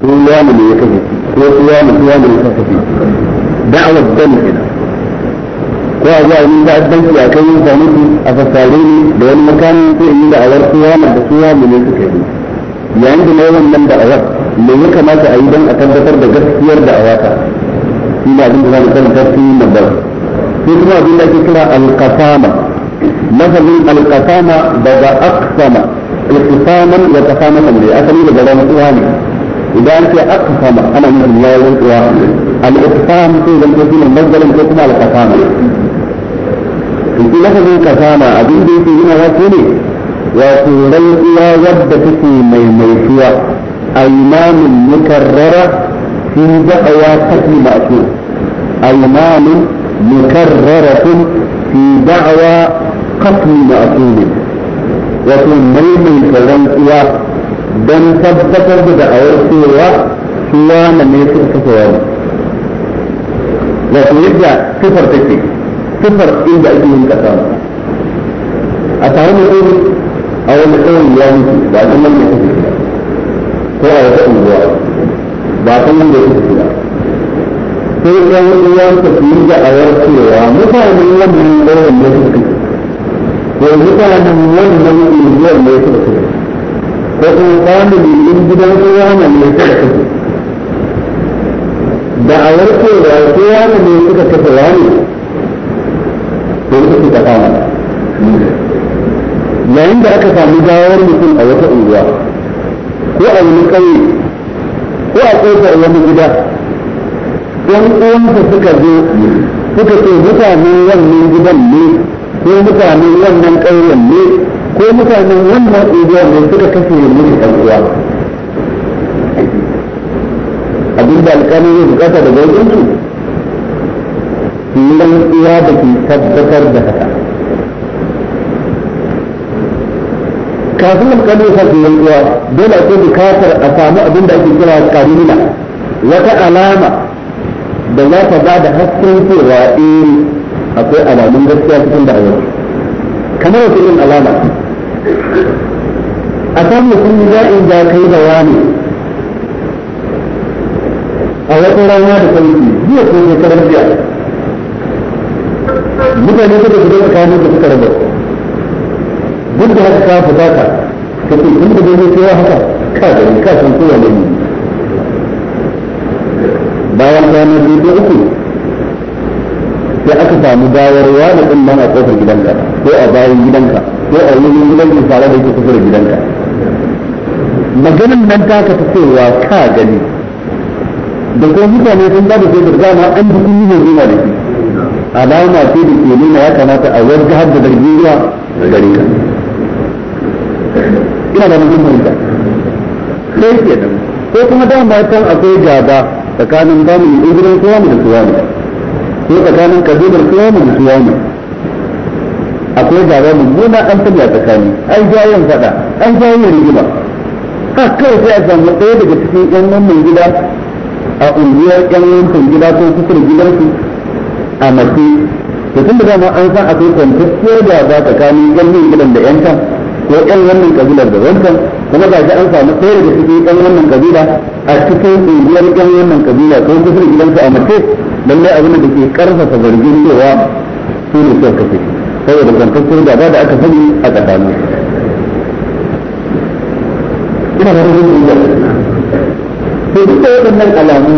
tun wani ne ya kashe ko su wani su ne ya kashe da'awar dan kenan ko a zuwa yin ta'addanci a kan yin samuki a fassare ne da wani makamin ko in yi da'awar su wani da su wani ne ya yi yayin da na yawan nan da'awar me ya kamata a yi don a tabbatar da gaskiyar da'awa ta shi ne abin da za mu karanta na yi nan sai kuma abin da ake kira alkasama lafazin alkasama daga aksama alkasaman wa kasamatan ne asali daga ranar uwa ne إذا أنت أقسم أنا من الله ينقوى الإقسام في لم تكن مصدرا كما القسامة في لفظ القسامة أبين دي في هنا واسولي وسوري الله وبدتك من ميسوى أيمان مكررة في دعوى قتل مأسور أيمان مكررة في دعوى قتل مأسور وسوري من ميسوى don tabbatar da da'awar cewa su wane ne suka kafa wani wato yadda sifar take sifar inda ake yin kasa a tare da tsoro a wani tsawon ya mutu ba a nan ne kake ko a wata unguwa ba a nan da kake ba sai ɗan uwan ta su yi da'awar cewa mutanen wannan tsawon ne suka kafa ko mutanen wannan unguwar ne suka kafa ko kuma family din gidan kowa na ne da kafa da a warke da kowa na ne suka kafa wani to ko suka ta kama yayin da aka sami gawar mutum a wata unguwa ko a wani ƙauye ko a ƙofar wani gida ɗan uwansa suka zo suka ce mutanen wannan gidan ne ko mutanen wannan ƙauyen ne ko mutanen wannan unguwar ne suka kashe yin mutu uwa abin da alƙalin ya bukata da gaurin su nan uwa da ke tabbatar da haka kafin alƙalin ya sarfi yin uwa dole ake bukatar a samu abin da ake kira karina wata alama da za ta ba da hasken cewa eh akwai alamun gaskiya cikin da'awar kamar wata irin alama a kan mutum za in ja kai da wani a wata rana da sauki jiya ko shekarar jiya mutane suka shiga tsakanin da suka rabu duk da haka ka fita ka ka ce in da zai kewa haka ka gani ka san kowane ne bayan kwana biyu da uku sai aka samu gawar wani din nan a kofar gidanka ko a bayan gidanka ko a wurin gidanka tare da yake kusa da gidanka maganin nan taka ta cewa ka gani da ko mutane sun ba da sai da dama an bi kun yi zuwa da shi alama ce da ke nuna ya kamata a wajen har da zargi ruwa gare ka ina da mutum da sai ke nan ko kuma dama ta akwai gaba tsakanin zamani ɗin gidan kowa da kowa ko tsakanin kabilar kiyamu da kiyamu akwai gaba mummuna an a tsakani an jayen fada an jayen rigima har kai sai a samu ɗaya daga cikin yan wannan gida a unguwar yan wancan gida ko kusur gidansu a mace to tun da dama an san akwai kwantacciyar gaba tsakanin yan nan gidan da yan can ko yan wannan kabilar da wancan kuma ga shi an samu ɗaya daga cikin yan wannan kabila a cikin unguwar yan wannan kabila ko kusur gidansu a mace lallai abin da ke karfafa zargin cewa su ne suka kashe saboda zantaccen gaba da aka sani a tsakanin ina da rubin da duk da waɗannan alamu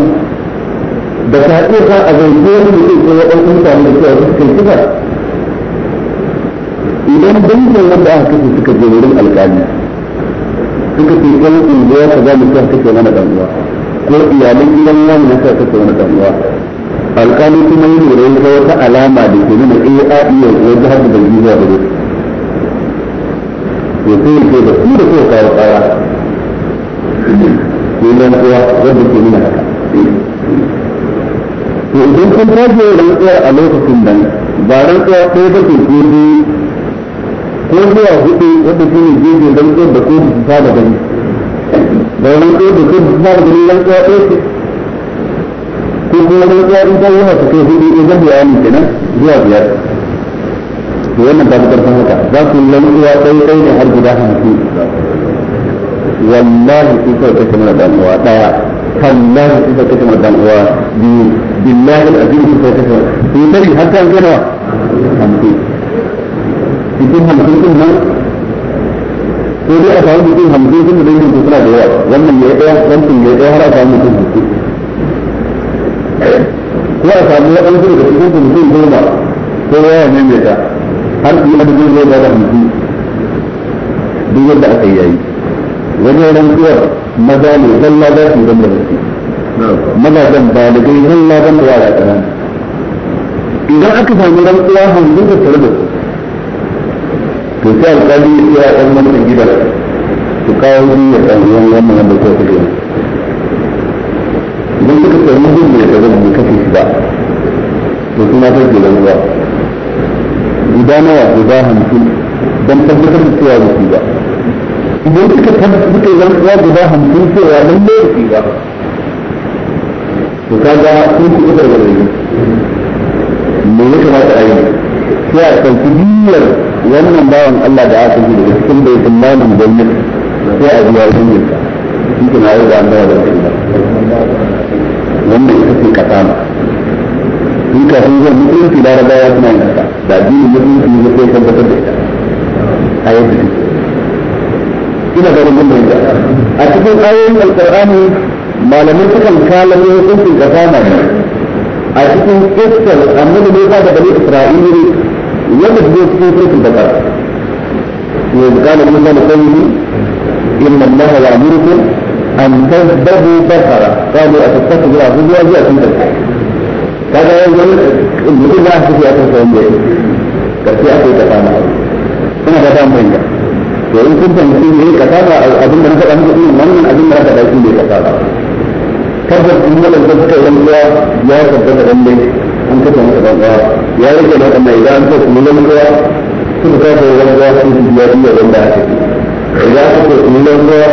da ta ka a zargi wani da ke kowa ɗan da cewa su kai kisa idan dangin wanda aka suka je wurin alƙali suka ce unguwa ka za mu mana ɗan uwa ko iyalan gidan wani na mana ɗan uwa alƙali kuma yi lura ya wata alama da ke nuna eh a iya wata hadu da jiya da dai ya sai ke da su da kowa kawo kara ko nan kuwa wadda ke nuna haka to idan kun tafiye rantsuwar a lokacin nan ba rantsuwa ɗaya ba ke ko ko zuwa hudu wadda ke ne jirgin rantsuwar da kotu su fara gani da rantsuwar da kotu su fara gani rantsuwa ɗaya ce ko kuma rantsuwa in ta yi haka kai hudu idan bayani kenan zuwa biyar to wannan ba karfin haka za su yi rantsuwa ɗai ɗai ne har guda hamsin wallahi sun kawai kashe mana dan uwa ɗaya tallahi sun kawai kashe mana dan uwa biyu billahi al'azim sun kawai kashe mana sun tari har ta gana hamsin cikin hamsin din nan ko dai a samu mutum hamsin sun da dangin suna da yawa wannan ya ɗaya wancan ya ɗaya har a samu mutum hamsin ko a samu waɗansu daga cikin su mutum goma ko ya maimaita har su yi adadin roba da mutum duk yadda aka yi yayi wajen rantsuwar maza ne zalla za su yi ran da mutum mazajen ba da dai zalla zan da yara ƙanana idan aka samu rantsuwa hamsin da tare to sai alƙali ya tsaya ɗan mamman gidan su kawo biyu ya ɗan ruwan wannan wanda ke kuɗi idan suka ce zai gudu da kaza bai kashe shi ba to suna ta ke zama ba guda nawa guda hamsin don tabbatar da cewa da shi ba idan suka tabbatar suka yi rantsuwa guda hamsin cewa don da shi ba to kaga sun fi kusa da rai me ya kamata a yi sai a ɗauki biyar wannan bawan Allah da aka yi daga cikin bai tsammanin gwamnati sai a biya gwamnati shi kuma ya yi da an da shi wannan ita ce kasama in ka san zuwa musulunci suna yin da addinin ne tabbatar da ita a yadda take ina da rubun da a cikin ayoyin sukan kalami hukuncin ne a cikin annabi ne ba da bani isra'ili yadda su cikin musa da Ambil babu bakara. Kalau ada satu gelar, dia dia tidak. Kalau yang lain, itu lah sisi atas saja. Kasi aku tak tahu. Kena kata mereka. Jadi pun penting ini kata lah. Adun merasa kami ini mana adun merasa baik ini kata lah. Kerja punya dan kerja dalam dia, dia kerja dalam dia. Angkat dalam dalam dia. Dia ada kerja dalam dia. Angkat mulai dia. Sudah kerja dalam dia. Sudah dia dalam dia. Dia kerja mulai dia.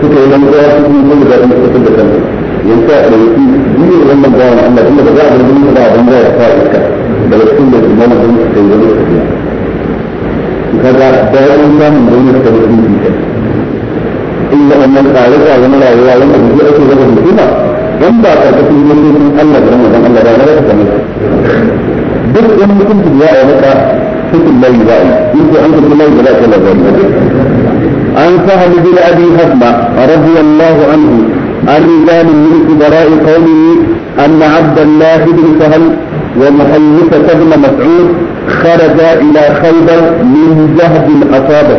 suka yi lantsa cikin yi kuma da ɗan kusur da kansu yanzu a ɗauki biyar wannan bawan Allah tunda ba za a bari ba a banza ya sa iska daga cikin da imam da su kai wani kaga bayan samun wani da wani tafiya in da wannan tsare-tsare na rayuwa wanda ba ake zaba hukuma in ba a ƙarƙashin mulkin Allah da Ramadan Allah ba na rasa kamar duk wani mutum da ya yi maka hukun layi ba in ko an hukun layi ba za a ce labari عن سهل بن ابي حزبة رضي الله عنه عن رجال من كبراء قومه ان عبد الله بن سهل ومحلفة بن مسعود خرجا الى خيبر من جهد اصابه.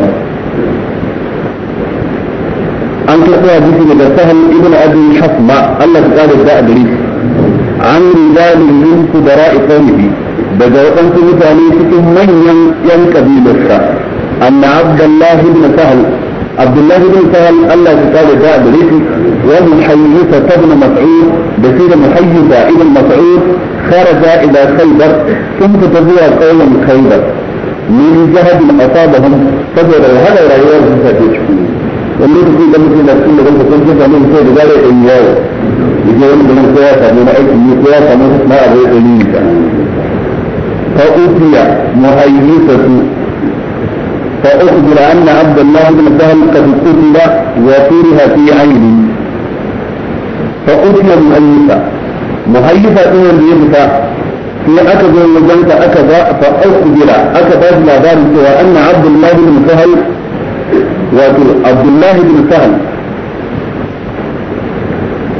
عن حديث بن سهل بن ابي حزبة الذي قال جاء بريد عن رجال من كبراء قومه daga waɗansu mutane cikin manyan 'yan ان عبد الله بن سهل عبد الله بن سهل قال لك قال جاء بريقي وابو بن مسعود بسيد محيوسة ابن مسعود خرج الى خيبر ثم تزور قولا خيبر من جهد من اصابهم فجر هذا رواه في ومن في دمك لا تكون لهم تكون من في رجال الله يجون من القياس من عيد من القياس من ما أبو إليك فأوتي مهيئة فأخبر أن عبد الله بن سهل قد قتل وطرح في عينه فأتي مهيفا مهيفا إن يبكى في أكد وجنك أكد فأخبر أكد الأبار سوى أن عبد الله بن سهل وعبد الله بن سهل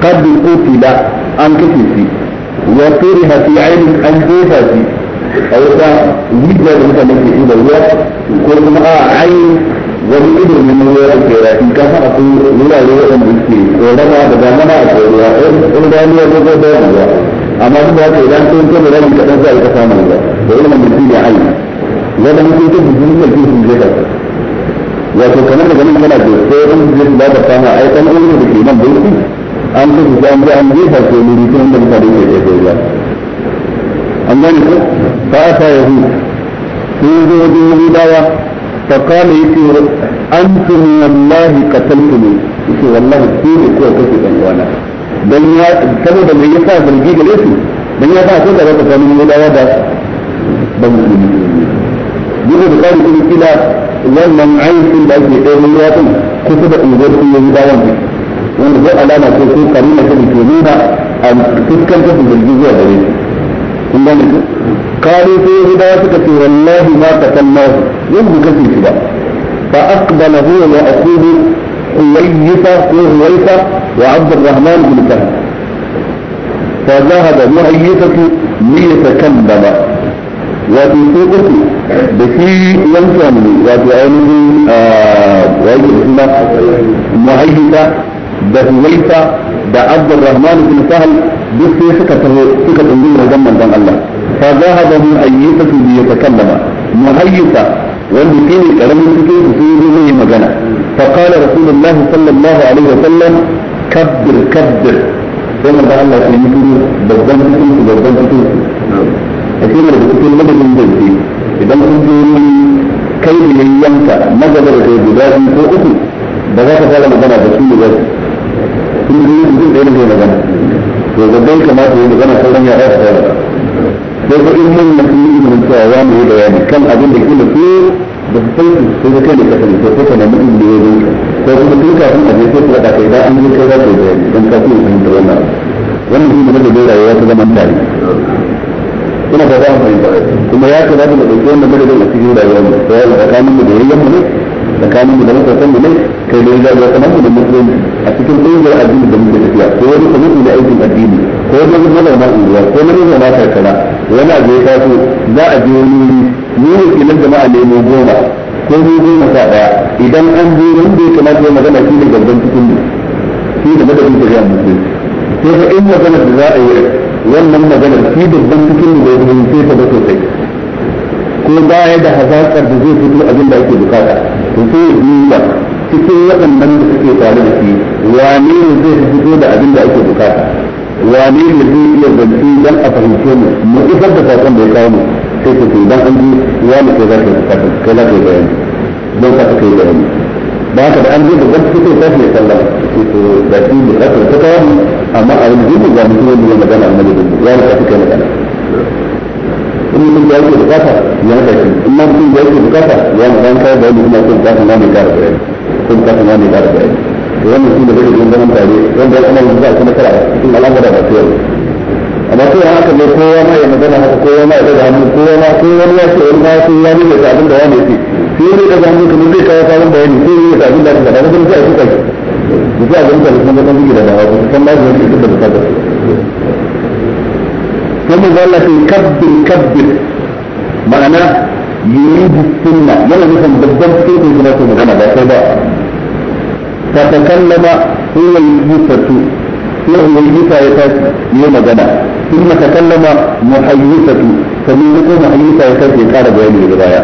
قد قتل أن كتب وطرح في عينه أن كتب a wata rijiya da mutane ke ruwa ko kuma a ai wani ido ne na ruwa da ke rafi ka san akwai wurare waɗanda ke da damana a kai ruwa ɗan ko ko bayan ruwa amma duk da haka idan sun da rami kaɗan za a yi ka samun ruwa da wani mamaki ne ai wanda mutum ke jikin da ke sun zai ka wato kamar da ganin kana da sai da da ke nan da fi an je an je da mutane ke da amma ne ko fa ata yahu sun zo wajen yahudawa fa kana yake antum wallahi qataltuni yake wallahi ku ne ko kake dan wana don ya saboda me yasa zargi gare su dan ya sa ko da ka samu yahudawa da ban musulmi duk da kare kuma kila wannan ainihin da ake ɗaya mun yatsun kusa da unguwar sun yahudawan ne wanda zai alama ko ko karina ta da ke nuna a fuskantar da zargi zuwa gare su عندنا قالوا في هدايتك في والله ما تكلمه يوم كثير كذا فأقبل هو وأخوه حويفة وهويفة وعبد الرحمن بن كهف فذهب مهيفة ليتكلم وفي سوقه uku da shi yankan wato ainihin wajen suna muhayyita da Huwaisa da Abdurrahman bin Sahal duk sai suka taho suka tsundu wajen manzon Allah fa zahaba min ayyuka su ta kallama yatakallama muhayyisa wanda shi ne karamin cikin su yi zai yi magana fa qala rasulullahi sallallahu alaihi wa sallam kabbir kabbir sai manzo Allah ya yi turu babban cikin su babban cikin su a cikin da cikin madadin da shi idan kun je kai ne yanka magana da guda biyu ko uku ba za ka fara magana da su ne ba sun yi yin da yanayi magana to gaban kamata yin magana sauran ya ɗaya da sai ko in mun mutum yi mun cewa ya mu yi bayani kan abin da kila ko da su sai su sai kai da kasance sai ko kana mun yi ne ko kuma tun kafin a je sai da kai da an yi kai da kai bayani dan ka ku fahimta wannan wannan shi ne da rayuwa ta zaman tare ina ba za mu fahimta kuma ya kamata mu dauki wannan madadin a cikin rayuwar mu sai tsakanin mu da yayyan mu ne tsakanin mu da makwatan mu ne kai ne ga wata nan da musulmi a cikin ƙungiyar addini da muke tafiya ko wani kwamiti na aikin addini ko wani manoma unguwa ko wani manoma karkara wani abu ya taso za a je wani wuri ni ne nan jama'a ne mu goma ko mu goma sha ɗaya idan an je wanda ya kamata ya magana shi ne gaban cikin mu shi ne madadin tafiya musulmi sai fa in magana da za a yi wannan maganar shi babban cikin mu da ya fahimce ta ba sosai ko ya da hazaƙar da zai fito abin da ake bukata to sai ya cikin waɗannan da suke tare da shi wane ne zai fito da abin da ake bukata wane ne zai iya zance dan a fahimce mu mu isar da sakon da ya kawo mu sai ku ce dan an ji wani kai za ka yi sakon kai za ka yi bayani don ka kai bayani ba haka da an zo da gaske sai tashi ya sallah sai to da shi da ta kawo amma a ne magana ya ka kai magana in mutum ya ke bukata ya haɗa shi in ma mutum ya ke bukata ya mu ban kawai bayani kuma ko bukata ma mai kara bayani ko bukata ma mai kara bayani to wannan shi da bai yi zaman tare wanda ya kuma zuwa kuma kara cikin al'amura da su yau amma ko ya haka ne kowa ma ya magana haka kowa ma ya daga hannu kowa ma ko wani ya ce wani ma ko ya nuna ta abin da wani ya ce shi ne daga hannu kamar zai kawo sabon bayani ko ya ta abin da aka faɗa kuma sai a suka shi da za da kuma zan da dawa ko ma zai yi da ta كما قال لك كبر كبر معنى يريد السنة يلا مثلا بالضبط كيف يجب أن مغنى لا تبع فتكلم هو الجثة وهو الجثة يتاك يوم غنى ثم تكلم محيثة فمنكم محيثة يتاك يقال بهذه الرواية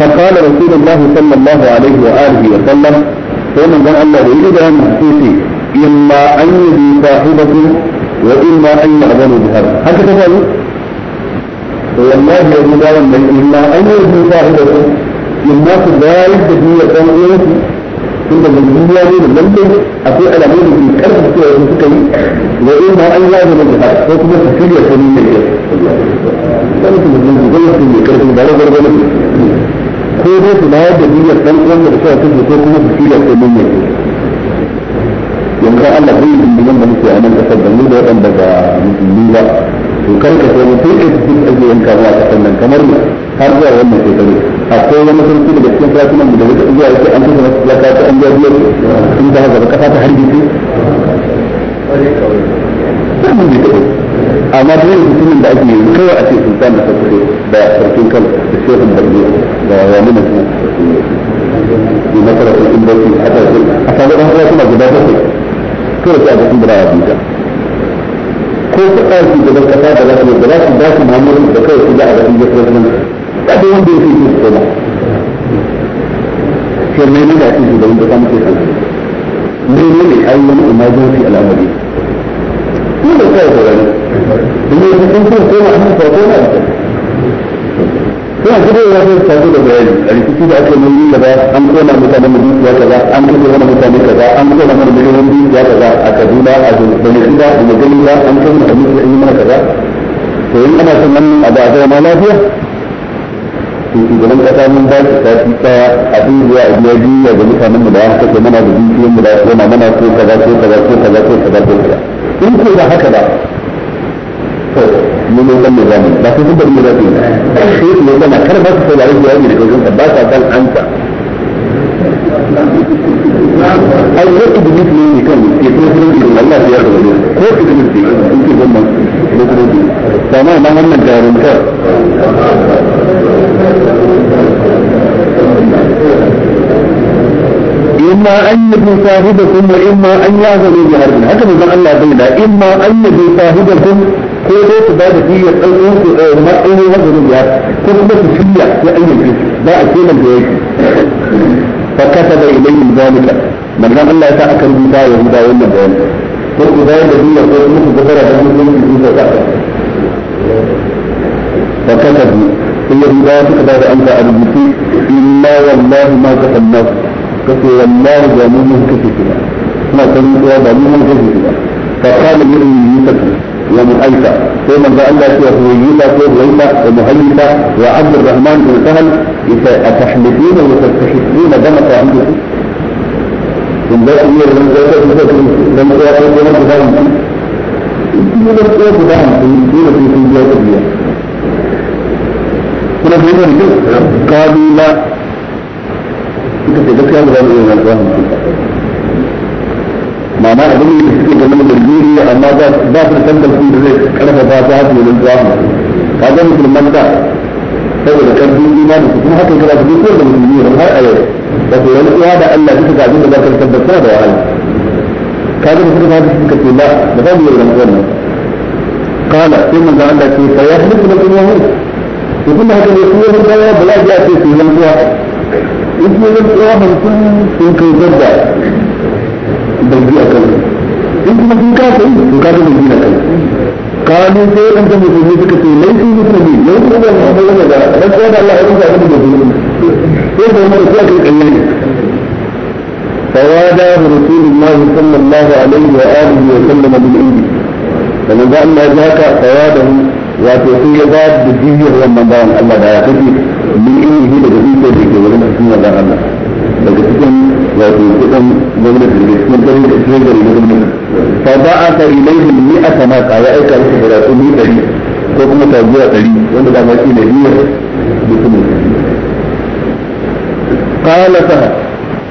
فقال رسول الله صلى الله عليه وآله وسلم ومن قال الله يريد أن يحسيسي إما أن يبي صاحبكم واما ان يعملوا بهذا هكذا قالوا والله يجوز لهم اما ان يجوا صاحبكم اما لا تجوز لهم ان يجوا ثم من الدنيا من المنزل اتوا الى من في كرب كره الفكر واما ان يعملوا بهذا فكما في يكونون من يجوا ko dai su ba da niyyar dan uwan da suka tabbata ko kuma su kila yanzu Allah bai yi dindigan da muke a nan kasar da mu da waɗanda ba musulmi ba to kar ka sai mutum ya ji duk ake yanka zuwa kasar nan kamar mu har zuwa wannan shekaru akwai wani sarki daga cikin sarakunan da wata zuwa yake an kusa masu zaka ta an jabiyar sun ta haka kasa ta harbi ce. amma da yin mutumin da ake yi kawai a ce sultan da sarki da sarkin kan da shehun barbe da yamina su yi masarar sun ɗauki a ƙasar a ƙasar ɗan kuma guda bakwai kawai sai a cikin da rawa duka ko ka ɗauki da barka ta da za su da za su ba su mamurin da kawai su za a ga inda kuma kuma kada wanda ya fi su su koma sai mai nuna shi da wanda za mu ke kansu ne ne ne ai wani emergency al'amari ko da kawai da wani domin sun koma hannun farko na da kawai yana gudu ya zai tafi da bayani a rikici da ake mun yi kaza an kona mu kaza an kuma mana mutane kaza an kona mana miliyoyin dukiya kaza a kaduna a zubin da da gani ba an kona da da yi mana kaza to in ana son nan a da zama lafiya to shugaban kasa mun ba shi sati a duba a biya biya ga mutanen mu da mana da mu da ya kona mana ko kaza ko kaza ko kaza ko kaza ko kaza in ko da haka ba to mu ba sai sai yi kar ba su saurari ba sa ai ko iblis ne ne kan ke kuma kuma Allah ya yarda ko ne ke gomma ne ma wannan إما أن يكون صاحبكم وإما أن يعظم بهرب هكذا الله إما أن يكون صاحبكم ko dai su ba da diya ɗauɗin su matsayin wajen biyar ko kuma su shirya ya ayyuka ba a kenan da yake فكتب إليهم ذلك من لم الله تأكل بدا يهودا ولا بيان قلت ذا الذي يقول مثل ذكر بهم في ذكر فكتبوا هي رواية بعد أن أرجوك إلا والله ما كتبناه كتب والله جميل كتبنا ما كتبنا جميل كتبنا فقال ابن يوسف ومؤيسة ثم قال الله وهويتا وهويتا ومهيتا وعبد الرحمن بن سهل أتحلفين وتستحقين دمك عندك من ذلك أمير من ذلك لم يكن لم يكن يقول لك ايه ده انت في الجواب دي كنا بنقول كده قالوا لا انت تذكر ده ma'ana abin da suke game da jirgin amma ba su da tabbacin da zai karfafa ta haka wajen zuwa ka ga musulman da saboda karfin imani su kuma haka kira su duk wanda musulmi ne har a yau da to wani uwa da Allah suka gaji da zakar tabbata da wahala ka ga suka fadi suka ce la da ba mu yi wannan قال ثم قال لك فيحلف لكم يهود يقول هذا يقول هذا بلا جاء في سيلم إذن الأوهر كل في كيف zargi a kansu in kuma sun kasa yi to ka zama gina kansu kanu sai an zama musulmi suka ce laifin musulmi yau ko ba mu magana da rantsuwa da Allah ya rubuta abin da zai sai da umar sai aka kalle ne فوادى رسول الله صلى الله عليه وآله وسلم بالإنجيل فمن ذا الله ذاك فواده وتوصي ذات بجيه رمضان الله لا يقضي من إنه لجديد ذلك ولم يكن الله daga cikin wato kudin gwamnati cikin da gwamnati fa ba a ta ilaihi ni a samaka ya aika musu da rasu ni dari ko kuma ta zuwa dari wanda da maki ne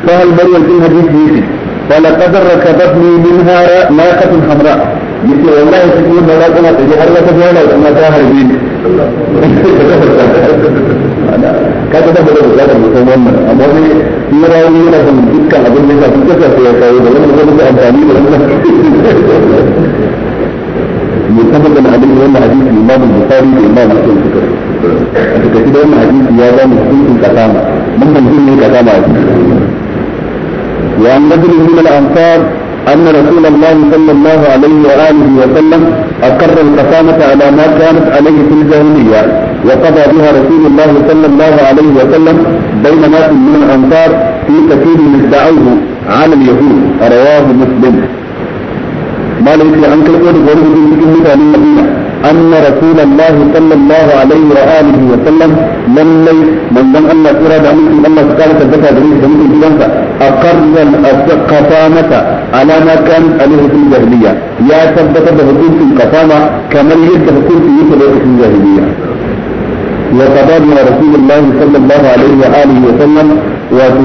مريم في الحديث يجي ولقد ركبتني منها ناقة حمراء yake wallahi shi ne mara kuma ta har wata bola kuma ta harbi ne ka ga da ba da da mutum wannan amma ne shi ya rawu yana son dukkan abin da ya fi kasa ya kawo da wani zai amfani da wannan متفق da وان حديث الامام البخاري والامام مسلم ذكر كده وان أن رسول الله صلى الله عليه وآله وسلم أقر القسامة على ما كانت عليه في الجاهلية وقضى بها رسول الله صلى الله عليه وسلم بين ناس من الأنصار في كثير من ادعوه على اليهود رواه مسلم ما ليس عنك كلمة غير مسلم في المدينة أن رسول الله صلى الله عليه وآله وسلم لم لي من لم أن إرادة منك الله تعالى تبكى جميل جميل جميل أقر القسامة على ما كان عليه في الجاهلية يا ثبت بحكومة في كما كمن يد يوسف في في الجاهلية وقضى رسول الله صلى الله عليه وآله وسلم wato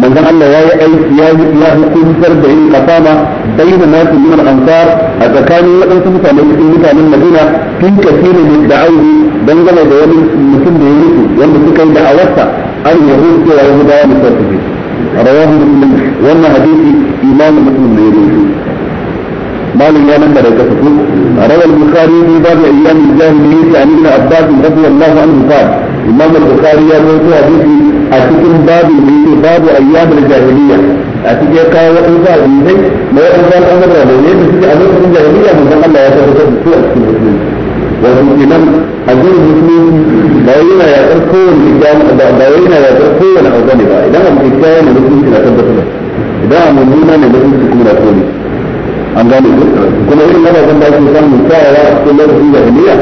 manzon Allah ya yi aiki ya yi ya hukuntar da yin kasama bayin nasu min al-ansar a tsakanin wadansu mutane cikin mutanen Madina tun kasirin da da'awi dangane da wani mutum da ya mutu wanda suka yi da'awarsa an yahud cewa yahudawa ne sai su rawahu muslim wannan hadisi imam muslim ne ya مالك يا من بدأ روى البخاري في باب أيام الجاهلية عن ابن عباس رضي الله عنه قال imam al-bukhari ya rawaito hadisi a cikin babu da babu ayyam al-jahiliya a cikin kawo wadansu hadisai na wadansu al'amura da ne da suke a lokacin jahiliya mun Allah ya tabbatar da su a cikin musulunci wato kenan addinin musulunci ba yana yaƙar kowane kyakkyawan ba ba yana yaƙar kowane abu bane ba idan abu kyakkyawan ne musulunci na tabbatar da idan abu mummuna ne musulunci kuma na tsoni an gane kuma irin ababen da ake samun tsayawa a cikin lokacin jahiliya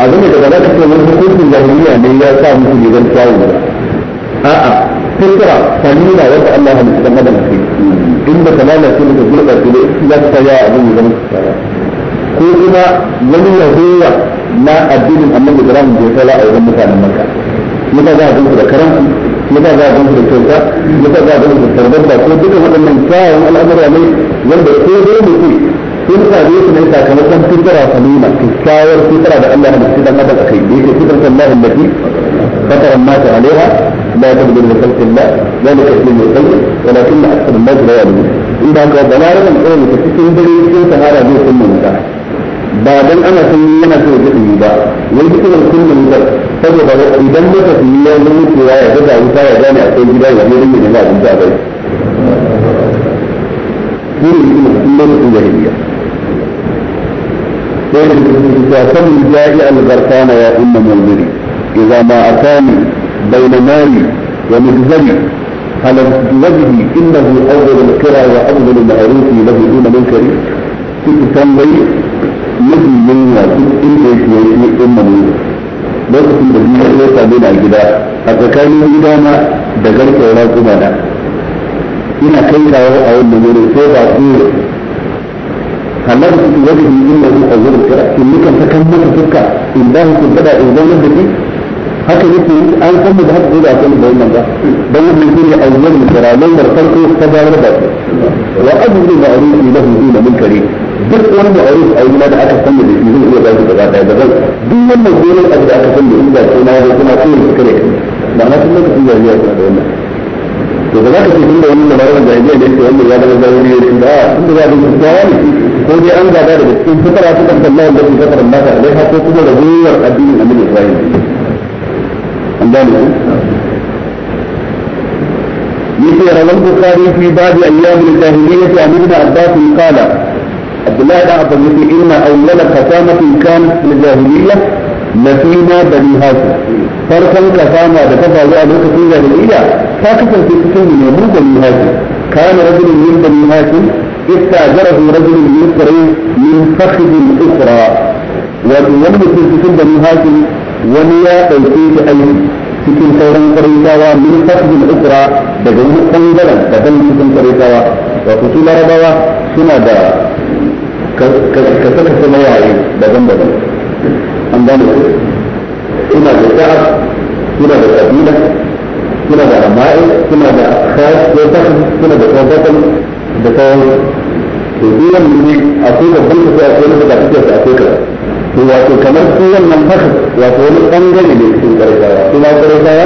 abin da ba ta ce wani hukuncin jahiliya ne ya sa musu rigar kyawu ba a'a fitra samira wata Allah halitta dan da ce inda kamala ce da gurbar ce da za ta ya abin da ko kuma wani yahuwa na addinin annabi Ibrahim da ya tsala a wajen mutanen Makka muka za a gansu da karanku muka za a gansu da kyauta muka za a da tarbata ko duka waɗannan kyawun al'amura ne wanda ko dai mutum sun same su ne sakamakon fitara salima kyakkyawar fitara da Allah da shi dan adam akai da yake fitar Allah allati fatara an-nas alaiha la tabdil li khalqi Allah zalika dinul qayyim walakin akthar an-nas la ya'lamun in ba ga balaran kawai da cikin dare cikin sahara zai sun mutunta ba dan ana san yana so ya dumi ba wai cikin sun mutunta saboda idan muka yi ya zama cewa ya ga wuta ya gane akwai gida ya ne ne da ba a bai دين الإسلام ليس الجاهلية فكم الجائع الغرقان يا أم ملمري إذا ما أتاني بين مالي ومجزري على وجهي إنه أول القرى وأفضل المعروف له دون منكري كنت تنبي مثل من إنت يشوي أم ملمري lokacin da duniya ya same ni a gida a tsakanin gidana da garkewar ina kai kawo a wani wurin sai ba ku halal su wajen yin wani a wurin kira in nukan ta kan masa suka in ba ku fada in zaunar da shi haka yake yi an san da haka zai da kan da wannan ba a wannan shine awwalul kira da farko ta zama da shi wa ajru da lahu da munkari duk wani ma'ruf a yana da aka san da shi zai iya ba shi gaba daya daban duk wannan gurin abu da aka san da shi da kuma da kuma sai kare ma'ana kuma kuma ya yi da wannan to ba za ka ce tunda wannan dabarar da jahiliya da yake wannan ya zama zaruri ne ba tunda za ka ce kyawa ne ko dai an gada daga cikin fitara ta kan Allah da fitara da mata dai ha ko kuma da ruwar addinin Annabi Ibrahim an gane يقول روى البخاري في باب ايام الجاهليه عن ابن عباس قال عبد الله بن عباس ان اول خاتمه كانت في الجاهليه نسينا بني هاشم فرسان كفانا بكفى الله عنك في جاهلية فاكفر في كتير من بني هاشم كان رجل من بني هاشم استأجره رجل من مصر من فخذ أخرى ومن في كتير بني هاشم ومن يأتي أي في sauran karyawa min fasdin ukra daga wani bangaren da ban cikin karyawa da su larabawa suna da kasa an gane ba suna da sha'a suna da kabila suna da ama'i suna da khas ko da suna da da kawai to iyan ne akwai babban kasa akwai wani da kake sa akwai to wato kamar su wannan haka wato wani bangare ne cikin karkawa su ma ne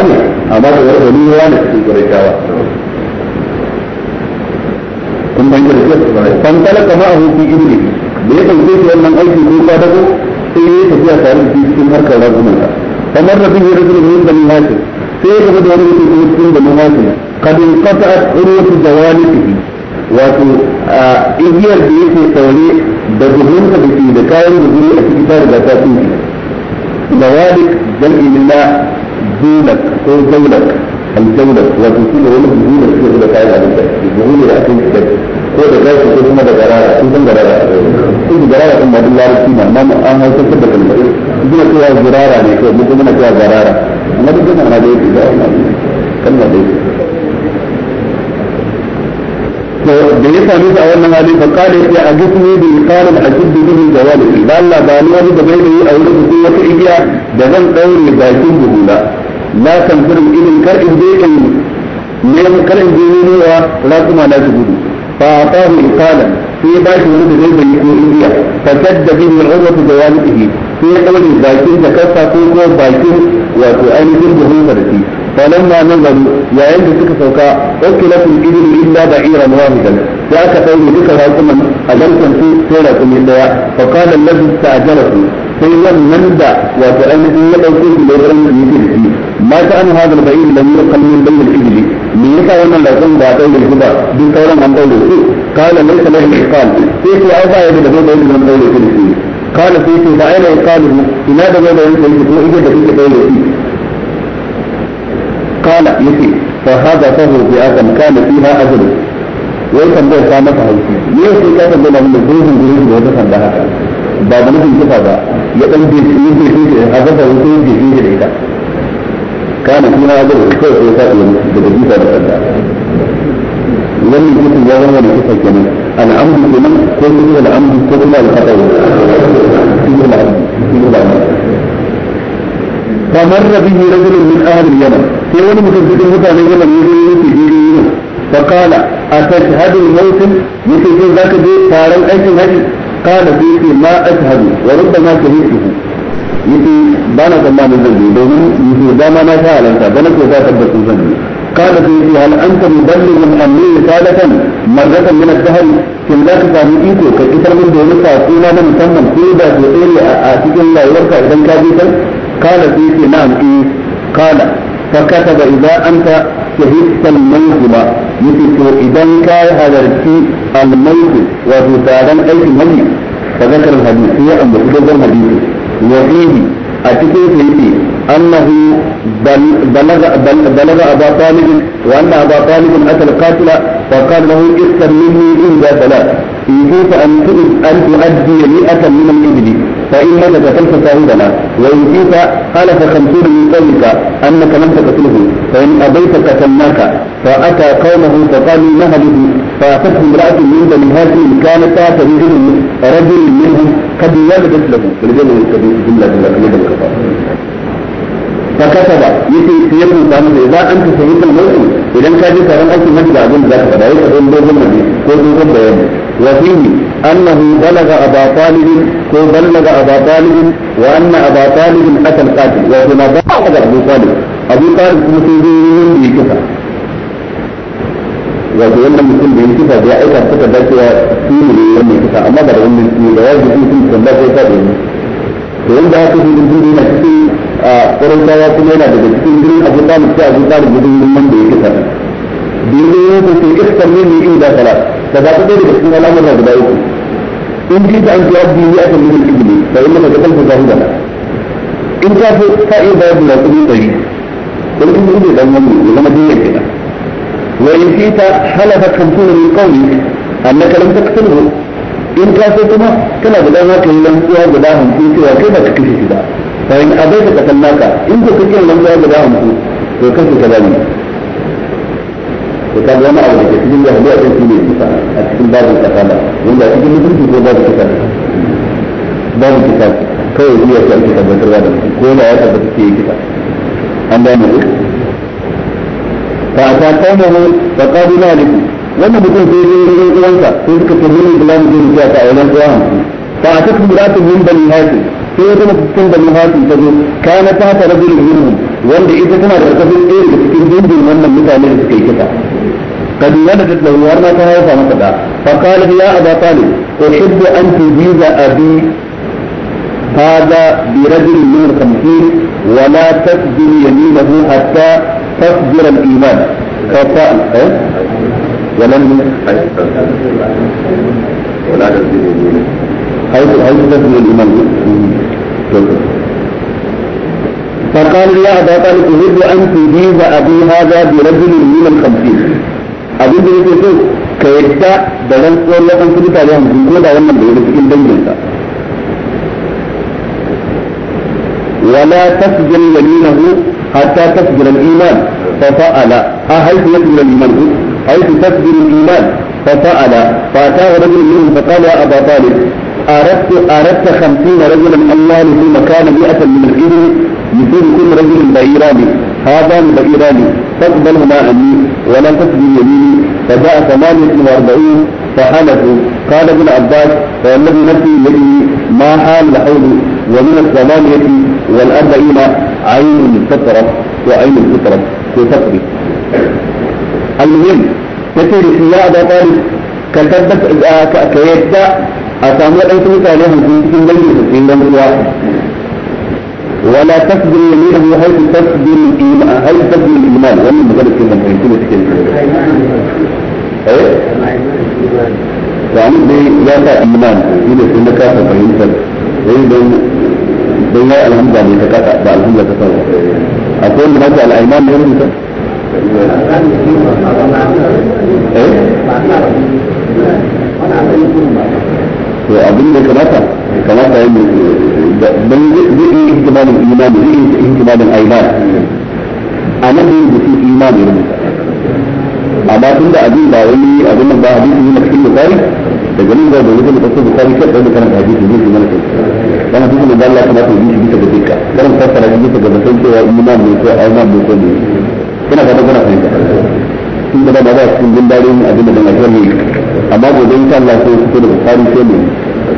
amma da wani ruwa ne cikin karkawa kun ban kirkir fantalaka ma'ahu fi ibni da ya ɗauke shi wannan aiki ko kwadago sai ya tafiya tare da shi cikin harkar kamar da bihi rajulun min bani sai ya gaba da wani mutum cikin wato igiyar da yake saure da buhunka da ke da kayan a cikin ta riga ta da wani na ko wato shi ne wani da kayan da ake ko da gashi ko kuma da garara sun san garara sun ji garara kuma duk larabci na amma an haifar da kalmar suna cewa zirara ne kawai mutum muna cewa garara amma duk yana na da yake da kalmar da yake to da ya same su a wannan hali fa kada ya a gifni bi qalan ajibbi bihi jawali da Allah ba ni wani da bai yi a wurin su wata igiya da zan daure bakin buhula la kan furin irin kar in je in ne kar in je ne wa rakuma na su gudu فأعطاه إقالا في باش ولد زيد الإسماعيلية فشد به عروة جوانبه في قول باكين تكفى كوكو باكين وسؤال كله فرسي فلما نظروا يا عند تلك سوكا أكلت الإبل إلا بعيرا واحدا ذاك قولي تلك الحكم أجلتم في سورة إلا فقال الذي استأجره sai من da وسؤال كله فرسي ما كان هذا البعير لم يقل من بين الإذن me yasa wannan lafin da ta yi ba duk sauran an daure shi kala mai ta lafi iqal sai ce ai ba ya da zai yi nan daure kala sai ce ba ina da zai yi shi ko da kike daure kala fa hada bi azam azam wai ta hauki ne sai ka da wata sanda haka ba da kifa ba ya dan bi shi ne shi da ita كان فيما يدل الكفر في ذاته بدقيقة الاداء. لم يكن جاهل ولا كفر كمان العمد كمان كل هو العمد كل ما الخطأ فيه العمد فمر به رجل من أهل اليمن في يوم الهدى من اليمن يجري في دينه فقال أتشهد الموسم مثل ذاك ذي فارم أجل هدي قال فيك ما أشهد وربما شهدته yake ba na tsammanin zan je domin yake dama na sha halarta ba na ke za tabbacin zan je قال سيدي هل انت مبلغ عني رسالة مرة ta الدهر kin za ka sami iko ka isar min da wani suna na musamman ko da ke tsere a cikin rayuwarka idan ka je can kala sai ce na'am eh kala fa kataba idza anta shahidta al-mayyit yace to idan ka halarci al-mayyit wato taron aikin hajji fa zakar al-hadith ya ambaci dogon hadisi wa fihi a أنه بلغ بلغ أبا طالب وأن أبا طالب أتى القاتل فقال له اقتل مني إحدى ثلاث إن كنت أن أن تؤدي مئة من الإبل فإن مات قتلت صاحبنا وإن كنت حلف خمسون من قومك أنك لم تقتله فإن أبيت قتلناك فأتى قومه فقالوا نهبه فأتته امرأة من بني هاشم كانت تبيعهم رجل منهم قد وجدت له ولجنه الكبير جملة جملة كبيرة fa ba yake sai ya kusa masa idan an ta sayi kan mutu idan ka je taron aikin hajji da abin da zaka faɗa yau don dogon mace ko dogon bayani wa fihi annahu balaga aba talib ko balaga aba talib wa anna aba talib atal qatil wa kuma balaga abu talib abu talib kuma sai zai yi yin da kisa wato wannan mutum da ya kisa da ya aika suka dacewa shi ne wannan kisa amma ba da wannan shi da ya ji da ya ta da ni to yanda haka shi mutum yana cikin a karantawa kuma yana daga cikin girin abu talib sai abu talib gudun liman da ya kisa biyu ne ko sai iskar ne ne inda kala da za ta ɗaya daga cikin al'amura guda uku in ji ta an ji abu ne a kan liman ne, da yin maka kasar kusa hu gana in ta fi ka iya bayar da rakumi ɗari don in ji dan wani ya zama jiya kina wa in ji ta halafa kamfuna min kawai Amma annaka lam taqtulhu in ka so kuma tana da dan haka yin rantsuwa guda hamsin cewa kai ba ka kashe shi ba fa in abaita ka sallaka in ka kike nan ya guda mu to kan ka bani to kaga wani abu da ke cikin jahiliya ta shine kisa a cikin babin kasala wanda cikin mutunci ko babu kisa babu kisa kawai zuwa sai ake tabbatarwa da mutum ko ba ya tabbata ke kisa an gane ku fa ata qawmuhu fa qalu malikum wannan mutum sai ya yi uwansa sai suka ce mun da lamu ta a wannan zuwa ta ta bani sai ya kuma cikin da muhasin ta zo kana ta ta rabu da wanda ita tana da ɗaya cikin dindin wannan mutane da suka yi قد ولدت له ورنتها وفمتها فقالت يا أبا طالب أحب أن تجيز أبي هذا برجل من الخمسين ولا تسجل يمينه حتى تصدر الإيمان فقال إيه؟ ولم حيث حيث تسجل الإيمان كيفه فقال يا أبا طالب أريد أن تجيز أبي هذا برجل من الخمسين أبي بن يوسف كيدا دلن قول لكم كل تاريخ من كل دعوة من بيت سكين دنجلتا ولا تسجل يمينه حتى تسجل الإيمان ففعل أهل يسجل الإيمان حيث تسجل الإيمان ففعل فأتاه رجل منهم فقال يا أبا طالب أردت أردت خمسين رجلا أموالي في مكان مئة من الإبل يكون كل رجل بعيران هذان بعيران ما عني ولا تسجد يميني فجاء ثمانية وأربعين فحلفوا قال ابن عباس والذي نفسي بيده ما حال حولي ومن الثمانية والأربعين عين تطرف وعين تطرف في تطرف المهم nake da shi ya a dafari ka yadda a samu waɗansu mutane hanzu cikin dangi da dan uwa wala tasbir yaminahu haythu tasbir al-iman haythu tasbir al-iman wani magana cikin dan cikin cikin eh wani dai ya ta iman shi ne sun da kasa fahimtar sai don don ya alhamdulillah ne ta kasa da alhamdulillah ta kasa akwai mun haka al-iman ne mun ta Eh? to abin da kamata kamata yin zai yi ihtimalin imani zai yi ihtimalin aiman a nan da yin da shi imani ne amma tun da abin ba wani abin da ba abin da cikin misali daga nan zai da wajen da kake misali kai da karanta hadisi zai mana kai dan da Allah kamata yi shi bisa ga dukkan dan fassara shi bisa ga batun cewa imani ne ko aiman ne ko ne ina ba da gana fahimta sun gaba ba za su jin daɗin abin da ban ajiyar ne amma gobe insha Allah sai fito da bukari sai mu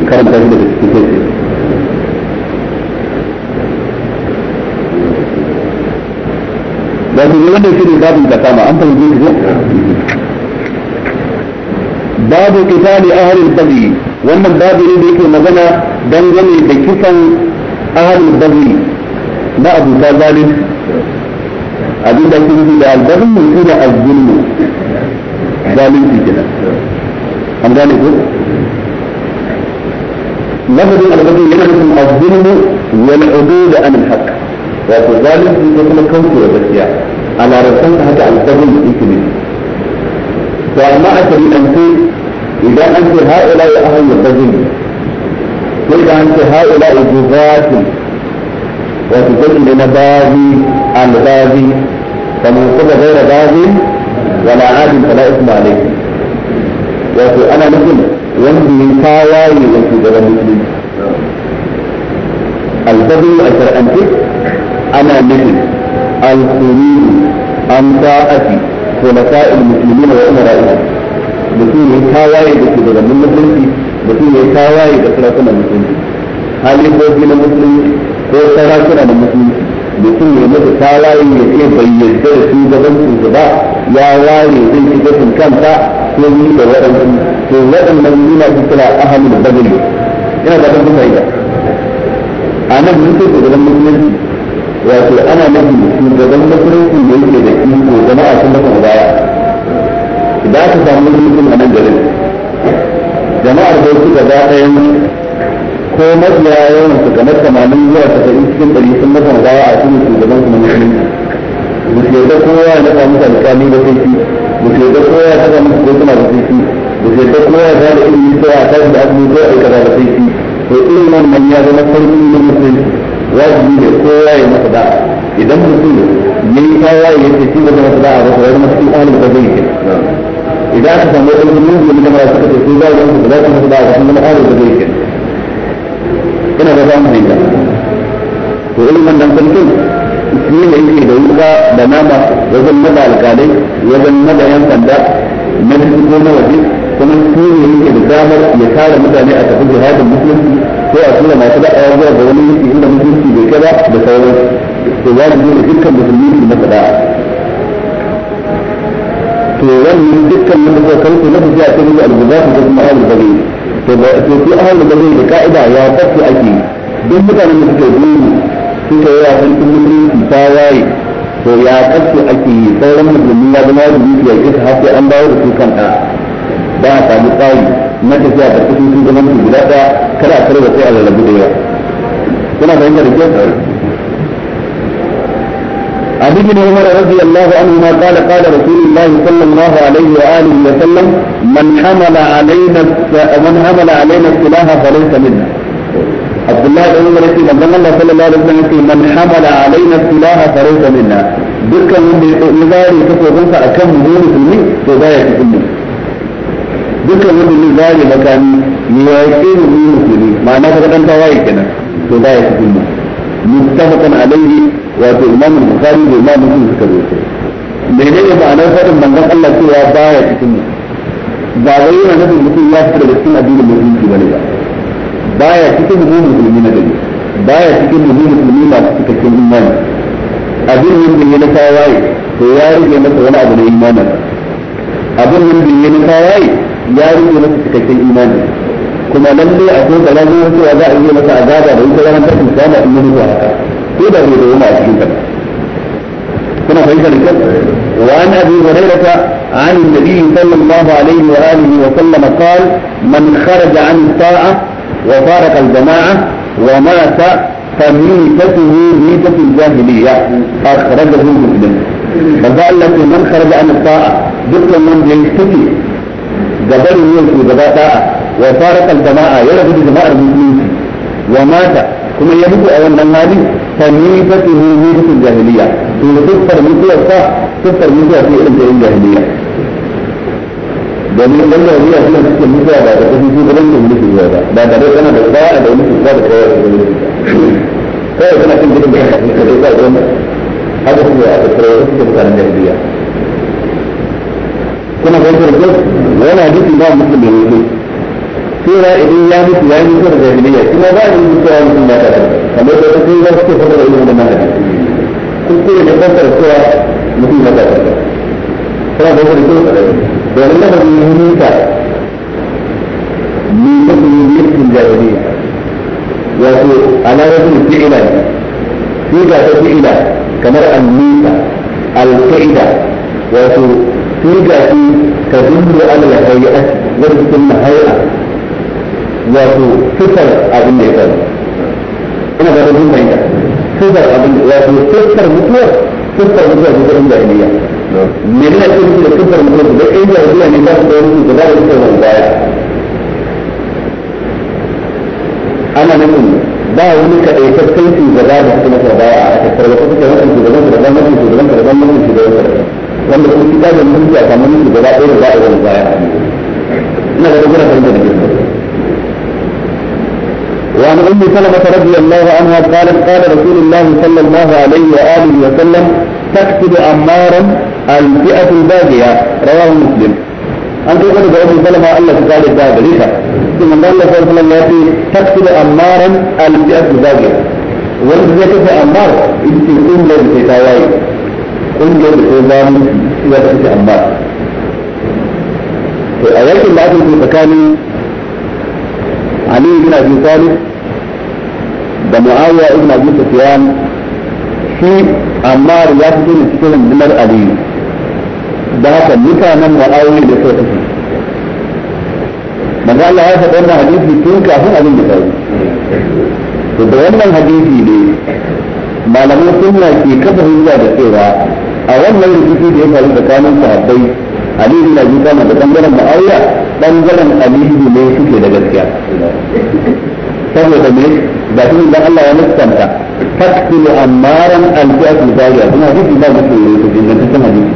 karanta shi daga cikin sai da su yi wannan shirin babin ma an fahimci shi babu kitali ahlul baghi wannan babu ne da yake magana dangane da kisan ahlul baghi na abuta zalim abin da ake nufi da albarin mu shine azzulmu zalunci kenan an gane ko lafazin albarin yana nufin azzulmu wal udud an al haqq wato zalunci ko kuma kauce wa gaskiya a larabtan haka albarin yake ne to amma a shari'ance idan an ce ha'ila ya ahlul bazin sai da an ce ha'ila ibadatin wato jami'i ne na bazi al ba kamar kuma gaira bazi wala adin fala isma alaikum wato ana nufin wanda ya tawaye wa shugaban musulunci al a shar'ance ana خلفاء المسلمين وأمرائهم mutum ya tawaye da shugabannin musulunci mutum ya tawaye da sarakunan musulunci hali ko na musulunci ko suna da musulunci mutum ya mutu ta waye ya ce bai yarda da shugabancinsa ba ya waye zai ci sun kanta ko ni da waɗansu to waɗannan nuna su kira ahamul badal ina da kuma fa'ida a nan mun ce da musulunci wato ana nufi shugaban musulunci da yake da iko zama a cikin kuma baya Ba aka samu mutum a nan garin jama'ar da su gaba ɗayan ko mafiya yawan su kamar tamanin zuwa tasa'in cikin ɗari sun masa gawa a cikin shugaban su na musulunci musulunci kowa ya nafa musu alƙali da sai shi musulunci kowa ya saka musu kotuna da sai shi musulunci kowa ya saka ilimi ko a tashi da abu ko a aikata da sai shi to irin wannan ya zama sarki na musulunci wajibi ne kowa ya masa da'a idan mutum ya yi kaya ya ce shi ba zama su da'a ba su wani masu ahalin da zai yi idan aka samu wani mutum da su zama su da'a ba su zama ahalin da zai yi ina da zamu ne to irin wannan sarkin shi ne yake da wuka da nama wajen nada alkalai wajen nada yan sanda na cikin ko na waje kuma shi ne yake da damar ya kare mutane a tafi jihadin musulunci ko a tura masu da'awa zuwa ga wani yake inda musulunci bai kaza da sauran to za mu ne dukkan musulunci na masa to wannan dukkan mutum ko ku na tafiya ta mutu al-gubat da kuma al-bari to da ke fi ahal da zai da ka'ida ya fasu ake duk mutanen da suke gudu suka yi wasan musulunci ta waye to ya fasu ake yi sauran musulmi ya zama da dukiya ke ta hafi an dawo da su kan ɗa ba a samu tsari na tafiya da sun zama su guda ɗaya kada a karba sai a lalabu da yawa kuna fahimtar da kyau عن ابن عمر رضي الله عنهما قال قال رسول الله صلى الله عليه واله وسلم من حمل علينا من حمل علينا السلاح فليس منا عبد الله بن عمر يقول من الله صلى الله عليه وسلم من حمل علينا السلاح فليس منا dukkan wanda ya ɗauki zari ta kogonsa a kan mu musulmi to za ya cikin mu dukkan wanda ya zari makami ya yaƙe mu musulmi ma'ana ta kaɗan tawaye kenan to za ya cikin mu muttafaqun alayhi wato imam bukhari da imam muslim suka rawaito menene ma'anar fadin manzon Allah cewa baya cikin mu ba wai yana nufin mutum ya fita daga cikin addinin musulunci bane ba baya cikin mu musulmi na gari baya cikin mu musulmi masu cikakken imani abin yin da na ya rike masa wani abu na imanin abin yin da na tawaye ya rike masa cikakken imanin kuma lalle cewa za a yi masa azaba da ita in haka ko da bai a cikin وعن ابي هريره عن النبي صلى الله عليه واله وسلم قال من خرج عن الطاعه وفارق الجماعه ومات فميتته ميتة الجاهلية أخرجه مسلم فقال لك من خرج عن الطاعة دكتور من يشتكي جبل يلقي جبل طاعة wa faraka al-jama'a ya rabu da jama'ar musulunci wa mata kuma ya mutu a wannan hali tanifatuhu hidatul jahiliya to siffar mutuwar sa siffar mutuwar ta irin ta yin jahiliya domin dan jahiliya suna cikin mutuwa ba da kafin shugabancin mulki zuwa ba ba da dai kana da tsara da mulki zuwa da kawai kawai kana cin gidan da kafin ka dai kawai wannan haka su a tattara wasu cikin mutanen jahiliya kuma kai kirkin wani hadisi ba musulmi ne cewa idan ya mutu ya mutu da jahiliya kuma ba ni mutu ya mutu ba ta amma da ta kai za su fara da ilimin da na da kun ce ne ban fara cewa mutu ba ta da kuma da wani kuma da wani da wani ne ta ni ta ku yi da jahiliya wato ana rabu fi'ila ne ga ta fi'ila kamar annisa al-qa'ida wato sai ga shi ka dundu ala hay'ati wa cikin hay'a wato fitar abin da ya faru ina ga rubutun fahimta fitar abin wato fitar mutuwar fitar mutuwar ta kudin jahiliya me ne ake nufi da fitar mutuwar da ɗan jahiliya ne za su ɗaya mutu guda da fitar wani baya ana nufin ba wani kaɗai kakkan shugaba da suka masa baya a kasar da kuka masa shugaban shugaban masa shugaban shugaban masa shugaban shugaban wanda kuma shi kajin mulki a samun shugaba ɗaya da za a wani baya ina ga rubutun fahimta da ke وعن ام سلمه رضي الله عنها قالت قال رسول الله صلى الله عليه واله وسلم تكتب امارا الفئه الباقيه رواه مسلم أنت تقول ام سلمة الله تقال إذا بريكا ثم أن الله صلى الله عليه وسلم تكتب أمارا الفئة الباقية وإذا يكتب أمار إنت قم لهم في تواي قم لهم في أمام إذا كتب أمار فأيات الله في مكاني ali ibn abi talib da muawiya ibn abi sufyan shi ammar ya fito ne cikin rundunar ali da haka mutanen muawiya da suka kashe manzo Allah ya faɗa wannan hadisi tun kafin abin da faru to da wannan hadisi ne malamai sunna ke kafa hujja da cewa a wannan rikici da ya faru tsakanin sahabbai ali da ji kama da bangaren muawiya bangaren ali ne suke da gaskiya saboda me ba su da Allah ya mutunta taqtilu ammaran al-fi'at al Zariya kuma hadisi ba mu yi to din nan tana hadisi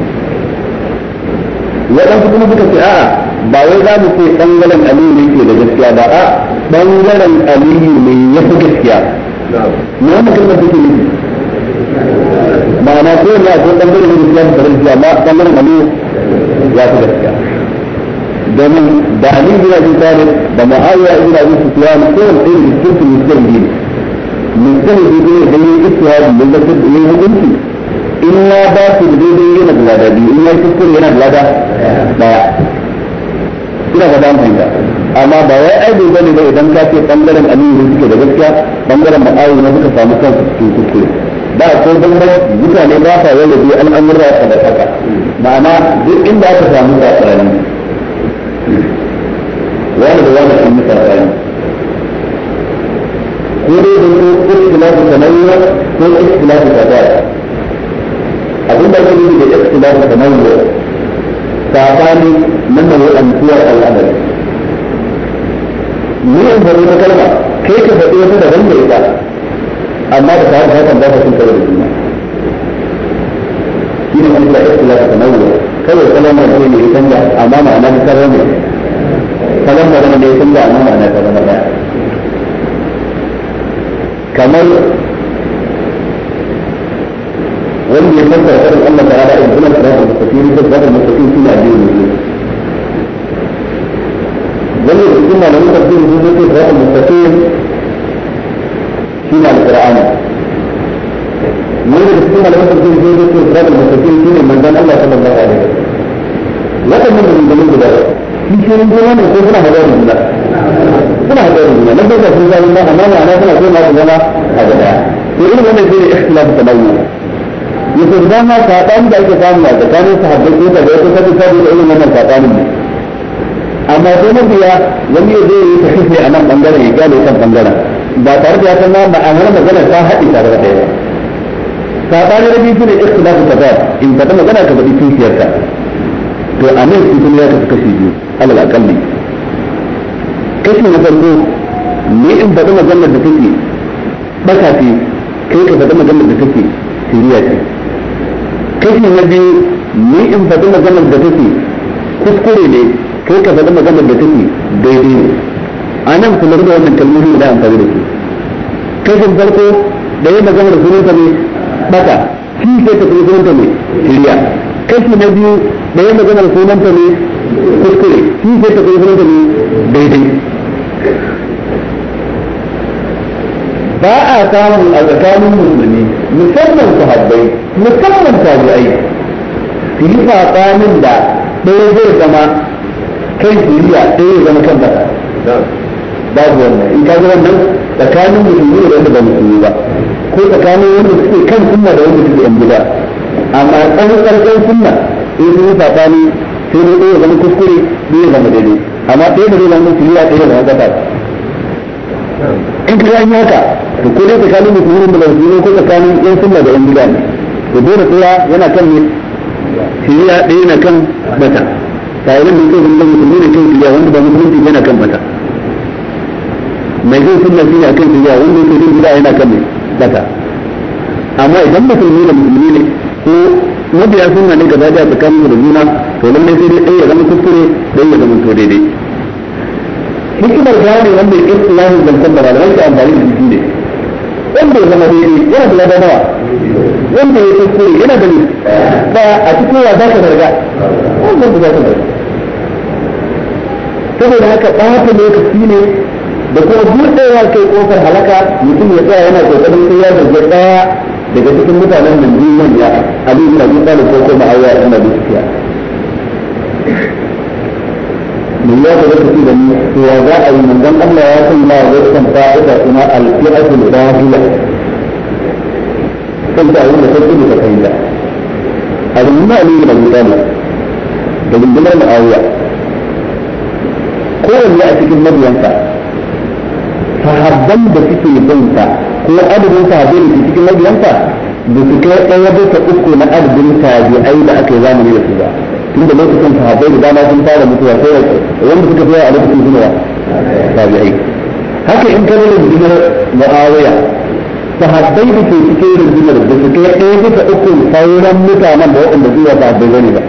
waɗansu kuma suka ce a'a ba wai za mu ce bangaren Aliyu ne ke da gaskiya ba a bangaren Aliyu ne ya fi gaskiya na mutum kuma suke yi ma'ana ko ne a ko bangaren gaskiya da gaskiya ba bangaren ali ya fi gaskiya domin da Ali bin Abi tare da Muawiya bin Abi Sufyan ko wanda yake cikin su mutum ne mutum ne da yake ittihad da yake da hukunci in ya ba su da daidai yana da lada biyu in ya kuskure yana da lada daya ina ga dan hanga amma ba wai aibu bane ba idan ka ce bangaren aliyu suke da gaskiya bangaren ma'awu ne suka samu kansu cikin kuskure ba ko bambanci mutane ba sa yau da biyu al'amurra ta da haka ma'ana duk inda aka samu saɓani wani da wani sun yi saɓani ko dai da ko ikhtilafu tamayya ko ikhtilafu tadar abinda ke nufi da ikhtilafu tamayya saɓani nan da wa'antuwar al'amari ni yanzu ne ta kalma kai ka faɗi wata daban da ita amma da tare da hakan ba ta cin karo da juna shi ne wani da ya ta nauyi kawai salon da ne ya canza amma ma'ana ta karo ne salon da ne ya canza amma ma'ana ta zama daya kamar wanda ya fassara karin Allah ta'ala in kuma siratul mustaqim ko siratul mustaqim shi ne addini ne wanda ya kuma malamin tafsiri ne ko siratul mustaqim shine alqur'ani ne da cikin alwata da zai zo cikin sirrin mutakin shine manzon Allah sallallahu alaihi wasallam wadannan maganganun guda shi shirin gona ne ko suna hada da juna suna hada da juna na bai da sun zai ba amma ma'ana suna so ma su zama a gaba to irin wannan shine ikhtilaf tabayyu yake idan ma saɓani da ake samu a tsakanin sahabbai ko da wata sabi sabi da irin wannan saɓanin ne amma sai mabiya wani ya zai yi tafiya a nan bangaren ya gane kan bangaren ba tare da ya san ma ma'anar magana ta haɗe tare da ɗaya ba sabani na biyu ne ikhtilafu tazad in ka magana ka faɗi kishiyarka to a nan su kuma ya tafi kashi biyu alal akalli kashi na farko ni in faɗi maganar da take baka ce kai ka faɗi maganar da take siriya ce kashi na biyu ne in faɗi maganar da take kuskure ne kai ka faɗi maganar da take daidai ne a nan kuma da wannan kalmomi da amfani da su kashin farko da yin magana da sunanta ne baka shi sai ta kuma sunanta ne shirya kashi na biyu da yin magana da sunanta ne kuskure shi sai ta kuma sunanta ne daidai ba a samu a tsakanin musulmi musamman sahabbai musamman tabi'ai su yi tsamin da ɗaya zai zama kai shirya ɗaya zama kan bata babu wannan in ka ga wannan tsakanin musulmi da wanda ba musulmi ba ko tsakanin wanda suke kan sunna da wanda suke yan bida amma tsawon karfin sunna in sun yi tsakani sai dai ɗaya zama kuskure ɗaya zama daidai amma ɗaya da zai zama musulmi a ɗaya zama gaba in ka yi haka to ko dai tsakanin musulmi da musulmi ko tsakanin yan sunna da yan bida ne to dole tsaya yana kan ne shiriya ɗaya na kan bata ta yi nan da ke zama musulmi da kan shiriya wanda ba musulunci yana kan bata mai zai sunna shine akan shirya wanda yake bin bid'a yana kan mai bata amma idan musulmi da musulmi ne ko mabiya sunna ne gaba da tsakanin da juna to lallai sai dai ɗaya zama kuskure ɗaya ya zama to daidai hikimar gane wanda ya ƙirƙi lahin zancen da malamai ke amfani da jiki ne wanda ya zama daidai yana da ladan nawa wanda ya kuskure yana da ba a cikin wa za ka zarga wanda za ka zarga saboda haka ɓata lokaci ne da kuma buɗewar kai kofar halaka mutum ya tsaya yana kokarin sai ya zargi daya daga cikin mutanen nan biyu manya abin da Abi Talib ko kuma Awwa ibn Abi Sufyan mun ya ga lokaci da ni to ya za a yi dan Allah ya san ba zai san fa'ida kuma al-fi'atul bahila kan ta yi da sauki da kai da al-Imam Ali ibn Abi Talib da gundumar Muawiya kowanne a cikin mabiyansa sahabban da suke bin ko adadin sahabbai da cikin mabiyansa da su kai ɗaya bisa uku na adadin tabi'ai da aka yi zamani da su ba tun da lokacin sahabbai da dama sun fara mutuwa sai wanda suka fi a lokacin suna tabi'ai haka in ka da rundunar mu'awiya sahabbai da ke cikin rundunar da su kai ɗaya bisa uku sauran mutanen da waɗanda zuwa sahabbai zane ba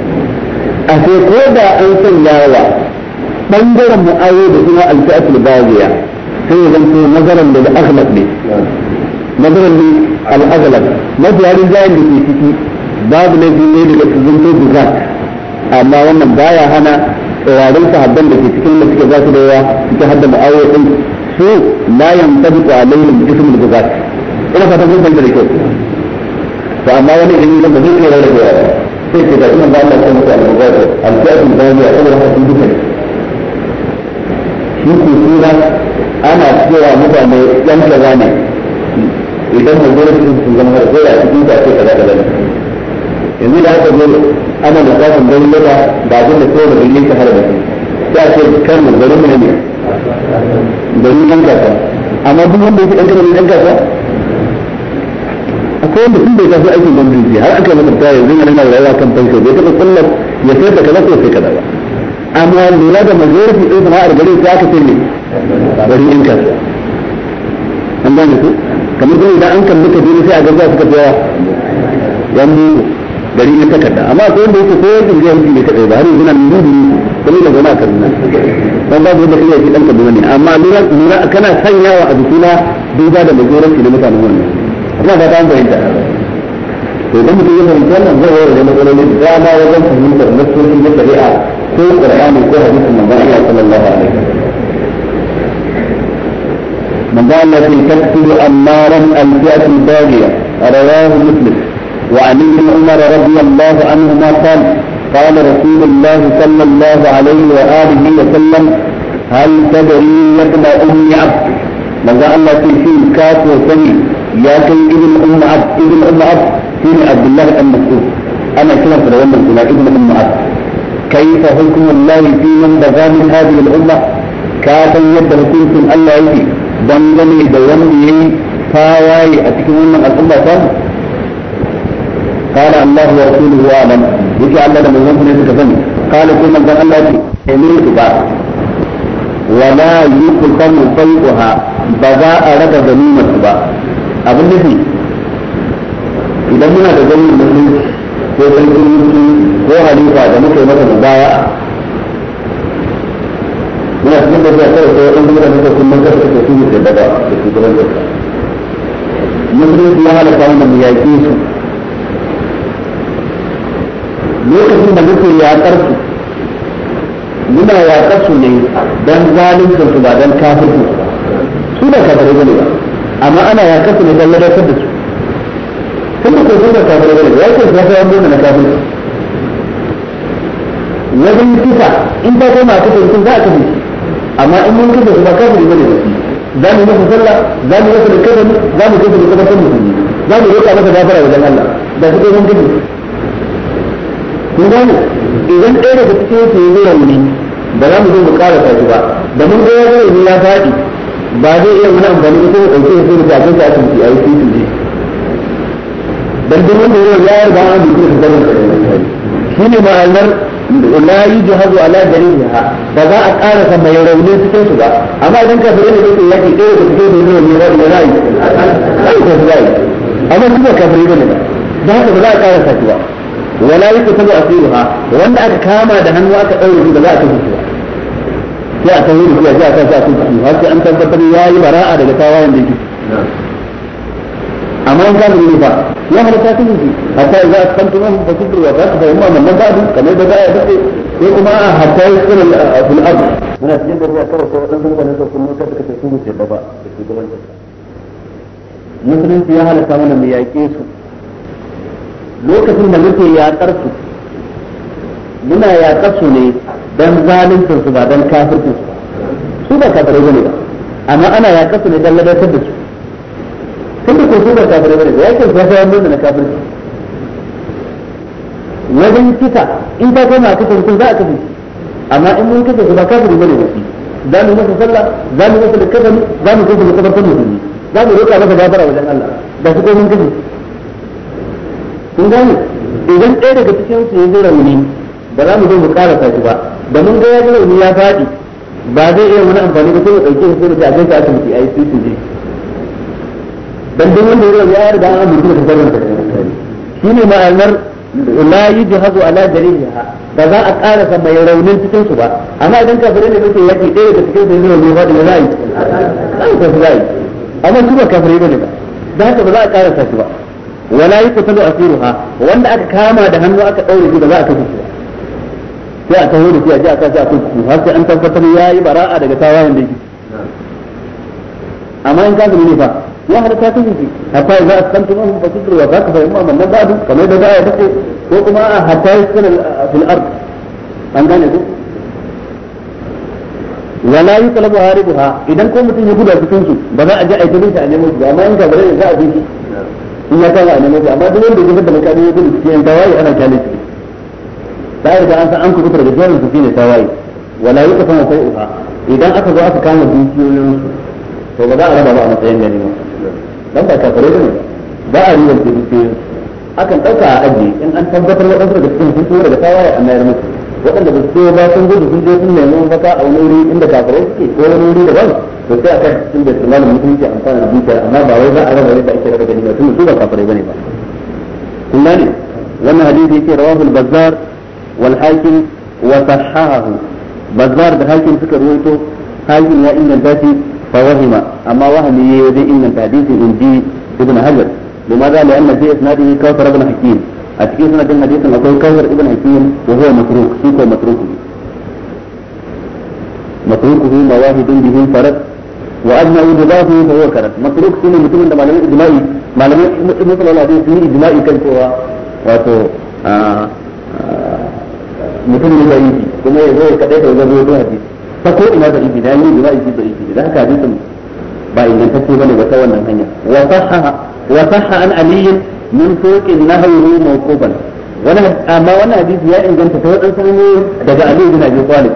a sai ko da an sanya wa ɓangaren mu'awiya da suna alfi'atul baziya sai ya zanto nazaran da al-aghlab ne nazaran da al-aghlab mabiyarin jayin da ke ciki babu laifi ne daga cikin zanto bizar amma wannan baya hana tsawarin sahabban da ke cikin da suke za su da yawa suke hadda ma'awar din su la yantabiqu alaihim ismul bizar ina fatan kun fahimta da kyau to amma wani ilimi ba zai iya rarrabewa ba sai ke da ina ba Allah kan mutu al-mubazir al-jazm da ya saboda haka sun duka shi ko sura ana cewa mutane yan kaza ne idan mu zo cikin su zama da koya cikin ta ce kaza kaza ne yanzu da aka zo ana da kafin gani lura da abin da kowa da yin shahara da su ya ce kan mu garin mu ne garin yan kaza amma duk wanda yake dan kaza ne dan kaza akwai wanda sun bai kasu aikin gwamnati har aka yi ta yanzu yana nan rayuwa kan fanko bai taɓa tsallar ya sai da kaza ko sai kaza ba amma lura da majority ɗin sana'ar gari ta aka sai ne bari in ka an gane ku kamar kuma idan an kalli kaduna sai a gaba suka fi yawa yan mugu in ka takarda amma akwai wanda yake ko yankin biyan mutum ne kadai ba har yanzu na mugu ne kuma yana zaune a kaduna dan babu wanda kai yake dan kaduna ne amma lura kana sanyawa a jikina duba da majoranci na mutanen wannan ina ba ta an fahimta to idan mutum ya fahimci wannan zai wayar da matsalolin da dama wajen fahimtar nassoshin na shari'a ko qur'ani ko hadisin manzon Allah sallallahu alaihi wasallam من قال أمارا الفئة الباغية رواه مسلم وعن ابن عمر رضي الله عنهما قال قال رسول الله صلى الله عليه وآله وسلم هل تدري يا ابن أم عبد من قال في كاف وسمي يا كي ابن أم عبد ابن أم عبد في عبد الله بن مسعود أنا كما في الأول ابن أم عبد كيف حكم الله في من بغى من هذه الأمة كافا يد حكمكم الله يجي dangane da wani ya yi waye a cikin wannan al'umma ta kala Allah wa rasulu wa alam yake Allah da manzon ne suka sani kala kuma dan Allah ce emiru ku ba wala yukun sayyuha ba za a raga ganimar ku ba abin da nufi idan muna da ganin mutum ko sai kun ko halifa da muke masa da baya suna cikin tafiya kawai sai da kuma kasa ne da musulunci ya wanda mu yaƙe su lokacin da muke yaƙar su muna yaƙar su ne don su ba don su su ba amma ana yaƙar su ne don da su kuma ko kafin bane su kafin wajen kisa in ta koma a kasa za a amma in mun kace su ba kafiri bane da shi za mu masa sallah za mu masa kadan za mu kace da kadan musulmi za mu roƙa masa gafara wajen Allah da su mun kace kun gane idan ɗaya daga cikin su yi rauni ba za mu zo mu ƙara shi ba da mun ga ya rauni ya faɗi ba zai iya wani amfani da kuma ɗauke da sai da abin da a yi a yi titi ne dan duk wanda ya riga ya riga an bi kuma da shi ne ma'anar la yujhadu ala ha ba za a ƙara sa mai rauni cikin su ba amma idan ka fara da yake yaki ɗaya da cikin da ne ba da rai ai ko rai amma su ba da ne ba haka ba za a ƙara sa ba wala yuktabu ha wanda aka kama da hannu aka daure shi ba za a kashe shi ba sai a tafi da shi a sa shi a kashe shi har sai an tabbatar ya yi bara'a daga tawayen da yake ama in kafiri ne ba ya halatta su ne hatta idza asqantum fa kibru wa fa fa umma man ba'd kamar da baya dace ko kuma hatta yusir fil ard muna cikin da ruwa kawai sai wadansu mutane su kun mutar da su wuce da ba da shugabancin musulunci ya halatta mana mu yaƙe su lokacin da muke yaƙar su muna yaƙar su ne dan zaluncin su ba dan kafircin su ba su ba kafirai bane ba amma ana yaƙar su ne dan ladatar da su tun da kuma ba kafirai bane da yakin ya fara nuna na kafirci wajen kisa in ta kama a kasa mutum za a kasa amma in mun kasa su ba kafiri bane da za mu masa sallah za mu masa likafani za mu kasa likafarkan musulmi za mu roƙa masa gafara wajen Allah ba su ko mun kasa kun gane idan ɗaya daga cikin su ya ji rauni ba za mu zo mu karasa shi ba da mun ga ya ji rauni ya faɗi ba zai iya wani amfani da sai mu ɗauke shi sai mu ce a kai ka asibiti a yi sai su je dan duk wanda ya ya riga an mutu da garin shi ne ma'anar la yujhadu ala daliliha ba za a ƙara sa mai raunin cikin su ba amma idan kafirai ne suke yaki ɗaya da cikin su ne wani ba da zai ai ko zai amma su ba kafirai bane ba da haka ba za a ƙara sa su ba wala yuqtalu asiruha wanda aka kama da hannu aka daure shi ba za a kashe shi sai a taho da shi a ji a kashe a kuku har sai an tabbatar yayi bara'a daga tawayen da yake amma in kafiri ne fa ya hada ta kashe shi hatta idza aslamtu lahum fa shukru wa zaka fa imma ba du kamar da za baya take ko kuma a hatta yaskuna fil ard an gane ku wala yi yuqlabu haribuha idan ko mutum ya guda cikin su ba za a je a yi ta a nemo su amma in ka bare za a bi shi in ya kawo a nemo su amma duk wanda ya gudu da makami ya gudu cikin tawaye ana kyale shi da ya an san an kuɗu da jerin su shine tawaye wala yi ta yuqlabu sai'uha idan aka zo aka kama dukiyoyin su to ba za a raba ba a matsayin ganima dan ba kafare ne ba a riwar da dukiyoyin akan dauka a aji in an tabbatar da daga cikin sun tsoro daga tawaye an mayar musu waɗanda ba su so ba sun gudu sun je sun nemi mafaka a wani wuri inda kafirai suke ko wani wuri daban to sai a kan cikin da tsumanin mutunci amfana da dukiyar amma ba wai za a raba yadda ake raba ganima tun su ba kafirai bane ba kun gane wannan hadisi yake rawahu al-bazzar wal hakim wa sahahahu bazzar da hakim suka ruwaito hakim ya inganta shi فوهم أما وهم يدي إن حديث إنجي ابن هجر لماذا؟ لأن في إسناده كوثر ابن حكيم أتكي اسناد الحديث أقول كوثر ابن حكيم وهو متروك سوق متروك متروكه مواهد به فرد وأدنى وجباته فهو كرد متروك سنة مثل عند معلمين إجمائي معلمين مثل الله الحديث سنة إجمائي كانت هو واتو آه آه mutum ne da yi kuma ya zo ta ko ina da ibi da yin da ibi da ibi da haka hadisin ba ta ingantacce bane ba ta wannan hanya wa sahha wa sahha an aliyin min fawqin nahwi mawquban wani amma wannan hadisi ya inganta ta wadansu hanyoyi daga Ali bin Abi Talib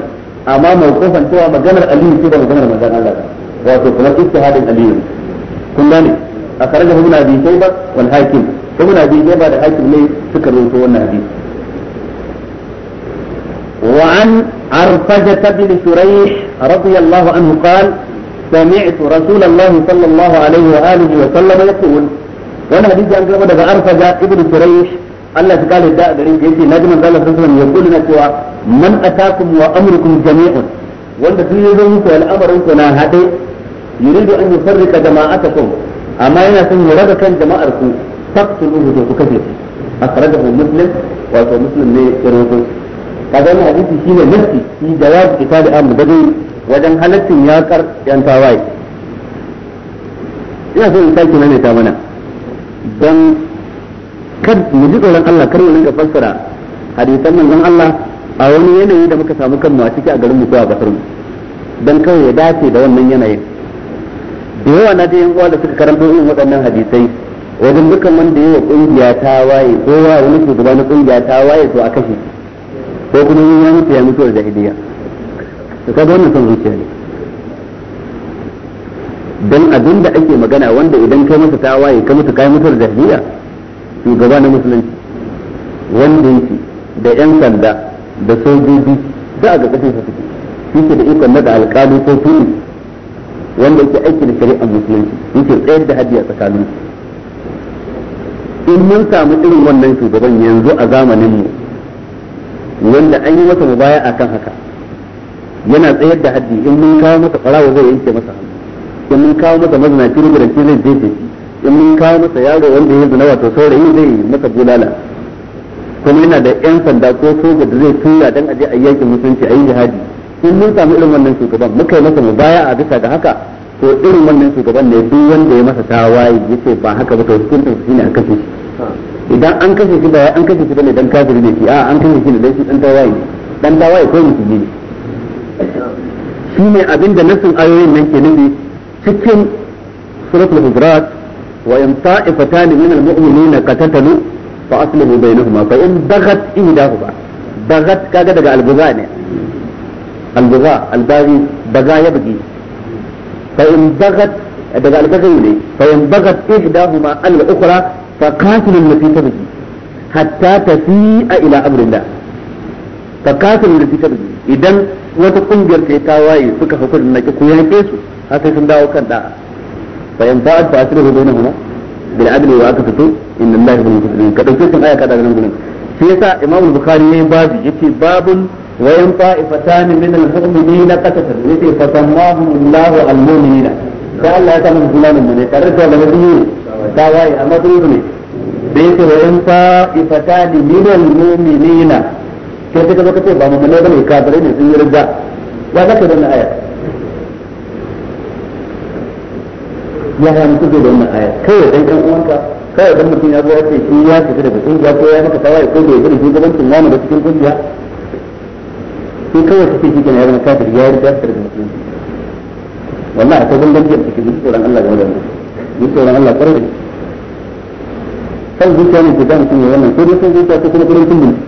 amma mawqufan cewa maganar Ali ce da maganar manzon Allah ba wato kuma ijtihadin Ali kun gane akhrajahu ibn Abi Shayba wal Hakim ibn Abi Shayba da Hakim ne suka rawaito wannan hadisi وعن عن فجة بن شريح رضي الله عنه قال سمعت رسول الله صلى الله عليه وآله وسلم يقول وانا حديث عن قبل عن فجة بن شريح الله قال الداء دريم جيسي نجم الله صلى الله عليه وسلم يقول نسوى من أتاكم وأمركم جميع وانت تريدون الأمر كنا هدي يريد أن يفرق جماعتكم أما أنا سنرد كان جماعتكم فاقتلوه وكفر أخرجه مسلم وأتوا مسلم ليروه kaga wannan hadisi shine nafsi shi jawab kitabi am badawi wajen halaccin yakar yan tawaye ina so in sake nane ta mana don kar mu ji tsoron Allah kar mu dinga fassara hadisan nan dan Allah a wani yanayi da muka samu kanmu a a garin mu ko a kasar mu dan kawai ya dace da wannan yanayin da yawa na da yan uwa da suka karanto irin waɗannan hadisai wajen dukkan wanda ya yi wa ƙungiya ta waye ko wani shugaba na ƙungiya ta waye to a kashe shi ko kuma yin ya mutu ya mutu da jahiliya to kaga wannan son zuciya ne dan abin da ake magana wanda idan kai masa waye ka mutu kai da jahiliya shugaba na musulunci wanda yake da yan sanda da sojoji za a ga kashe su suke shi ke da ikon na da alƙali ko tuni wanda yake aiki da shari'ar musulunci yake tsayar da hadiya tsakanin in mun samu irin wannan shugaban yanzu a zamanin mu wanda an yi masa mubaya akan haka yana tsayar da haddi in mun kawo masa farawa zai yanke masa in mun kawo masa mazina da ruburanci zai jefe in mun kawo masa yaro wanda ya zina wato saurayi zai yi masa bulala kuma yana da yan sanda ko soja da zai tura dan aje a yakin musulunci a yi jihadi in mun samu irin wannan shugaban muka yi masa mubaya a bisa ga haka to irin wannan shugaban ne duk wanda ya masa tawaye yace ba haka ba to hukuncin ne a kashe shi idan an kashe shi ba an kashe shi bane dan kafiri ne shi a an kashe shi ne dan shi dan tawaye ne dan tawaye ko musulmi ne shine abinda nasin ayoyin nan ke nufi cikin suratul hujurat wa in ta'ifatan min al-mu'minina qatatalu fa aslihu bainahuma fa in baghat ihdahuma baghat kaga daga al-buza ne al-buza al-baghi baga ya bugi fa in baghat daga al-baghi ne fa in baghat ihdahuma al-ukhra فقاتل التي تبغي حتى تسيء إلى أمر الله فقاتل التي تبغي إذن wata kungiyar ta waye suka hukun na ki ku yanke su har sai sun dawo kan da'a ba in fa'at fa asrihu bainahuma bil adli wa fito inna allaha bil muqsitin ka dauke sun aya nan gurin shi yasa imam bukhari yayin babu yace babun wa yan fa'ifatan min al mu'minina qatatan yace fa sammahum allah al mu'minina da Allah ya samu sunan mu ne tare da wani ta waye amma sun yi da yake wa yan fa'ifata ni minal mu'minina sai kaga ka ce ba mu ne bane kafirai ne sun yi rida ya zaka da aya ya ya mutu da wannan aya kai dan kan uwanka kai dan mutum ya zo ya ce shi ya fita daga kungiya ko ya maka tawaye ko bai gani shugabancin wani da cikin kungiya sai kawai shi kenan ya zama kafir ya da akwai bambanci a cikin Allah game da mutum duk tsoron Allah kwarai da kan zuciya ne guda mutum ya wannan sai dai kan zuciya ko kuma kurancin bincike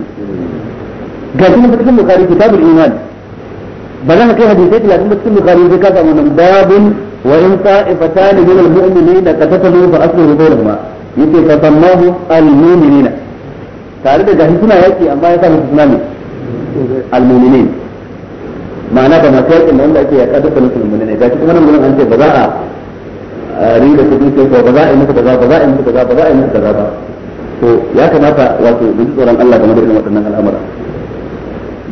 ga kuma cikin bukari kitabul iman ba za ka kai hadisai talatin da cikin bukari sai ka samu nan babun wa in ta'ifatani min al-mu'minina qatatalu fa aslihu bainahuma yace fa sammahu al-mu'minina tare da gashi suna yaki amma ya sa musu suna ne al-mu'minin ma'ana da masu yakin da wanda ake yaƙa dukkan musulmi ne gashi kuma nan gurin an ce ba za a riba kuɗi kai ko ba za a yi maka kaza ba za a yi maka kaza ba za a yi maka kaza ba to ya kamata wato mu ji tsoron Allah game da irin waɗannan al'amura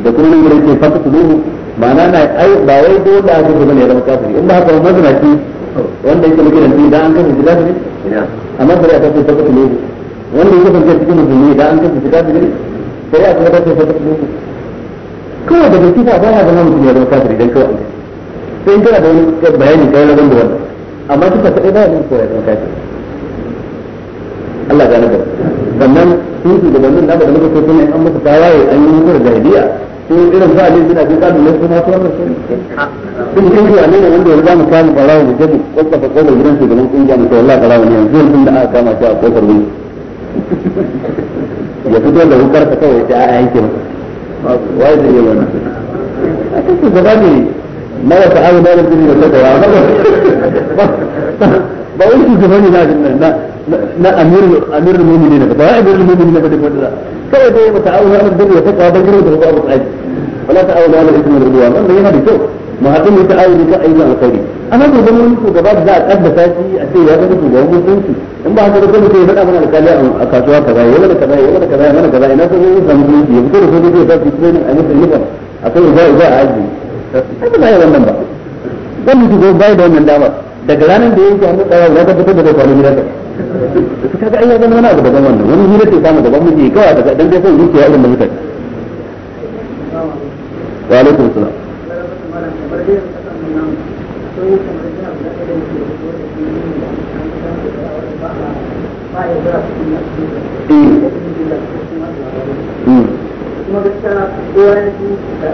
da kuma nan gurin ce fata tuduhu ma'ana na ai ba wai dole a gudu bane ya zama kafiri in ba haka ba mazinaci wanda yake muke da shi da an kashe shi kafiri amma bari a tafi fata tuduhu wanda yake kafirce cikin musulmi da an kashe shi kafiri sai a kuma tafi fata tuduhu kawai da gaskiya ba ya zama mutum ya zama kafiri dan kawai sai kana da wani bayani kai na ban da wannan amma duka kadai ba ne ko ya san kafir Allah gane da sannan sun su gabanin da da muka ko kuma an musu tawaye an yi musu jahiliya ko irin za a ne bin abin da lasu na kuma sun sun kun ji ne wanda yanzu zamu kama barawo da jabi ka ko kokar gidan su gaban kungiya mu to Allah barawo ne yanzu yanzu da aka kama shi a kofar wuri ya fito da hukar ta kawai ta yanke masa wai zai yi wannan a cikin gaba ne ما يتعاون ما يبدو من الفتوى بقول لك زماني ما لا امير امير المؤمنين بقى امير المؤمنين بدي بقول لا كيف هو تعاون هذا الدنيا فتوى بجري وتبقى الدنيا ولا تعاون هذا الاسم الرضوان ما هي الدنيا شوف ما هتم يتعاون بقى الا الخير انا بدي اقول لكم الدنيا ذا قد فاتي اتي يا بني تجاوب وتنسي ان بعد ما تقول كيف انا من الكلام اكاسوا كذا ولا كذا الدنيا كذا ولا كذا انا كنت زماني يقول لي كيف في بين انا في النظام اقول ذا ذا عادي sai ba yi wannan ba gwamnati ko bai da wannan damar daga ranar da yanke hannu tsaya ya tabbatar da bai kwanin gidansa su kaga ai ya zama wani abu daban wannan wani hira ce samu daban miji kawai daga dan dai son zuciya irin da wa alaikum salam eh. hmm. Hmm. kuma gaskiya da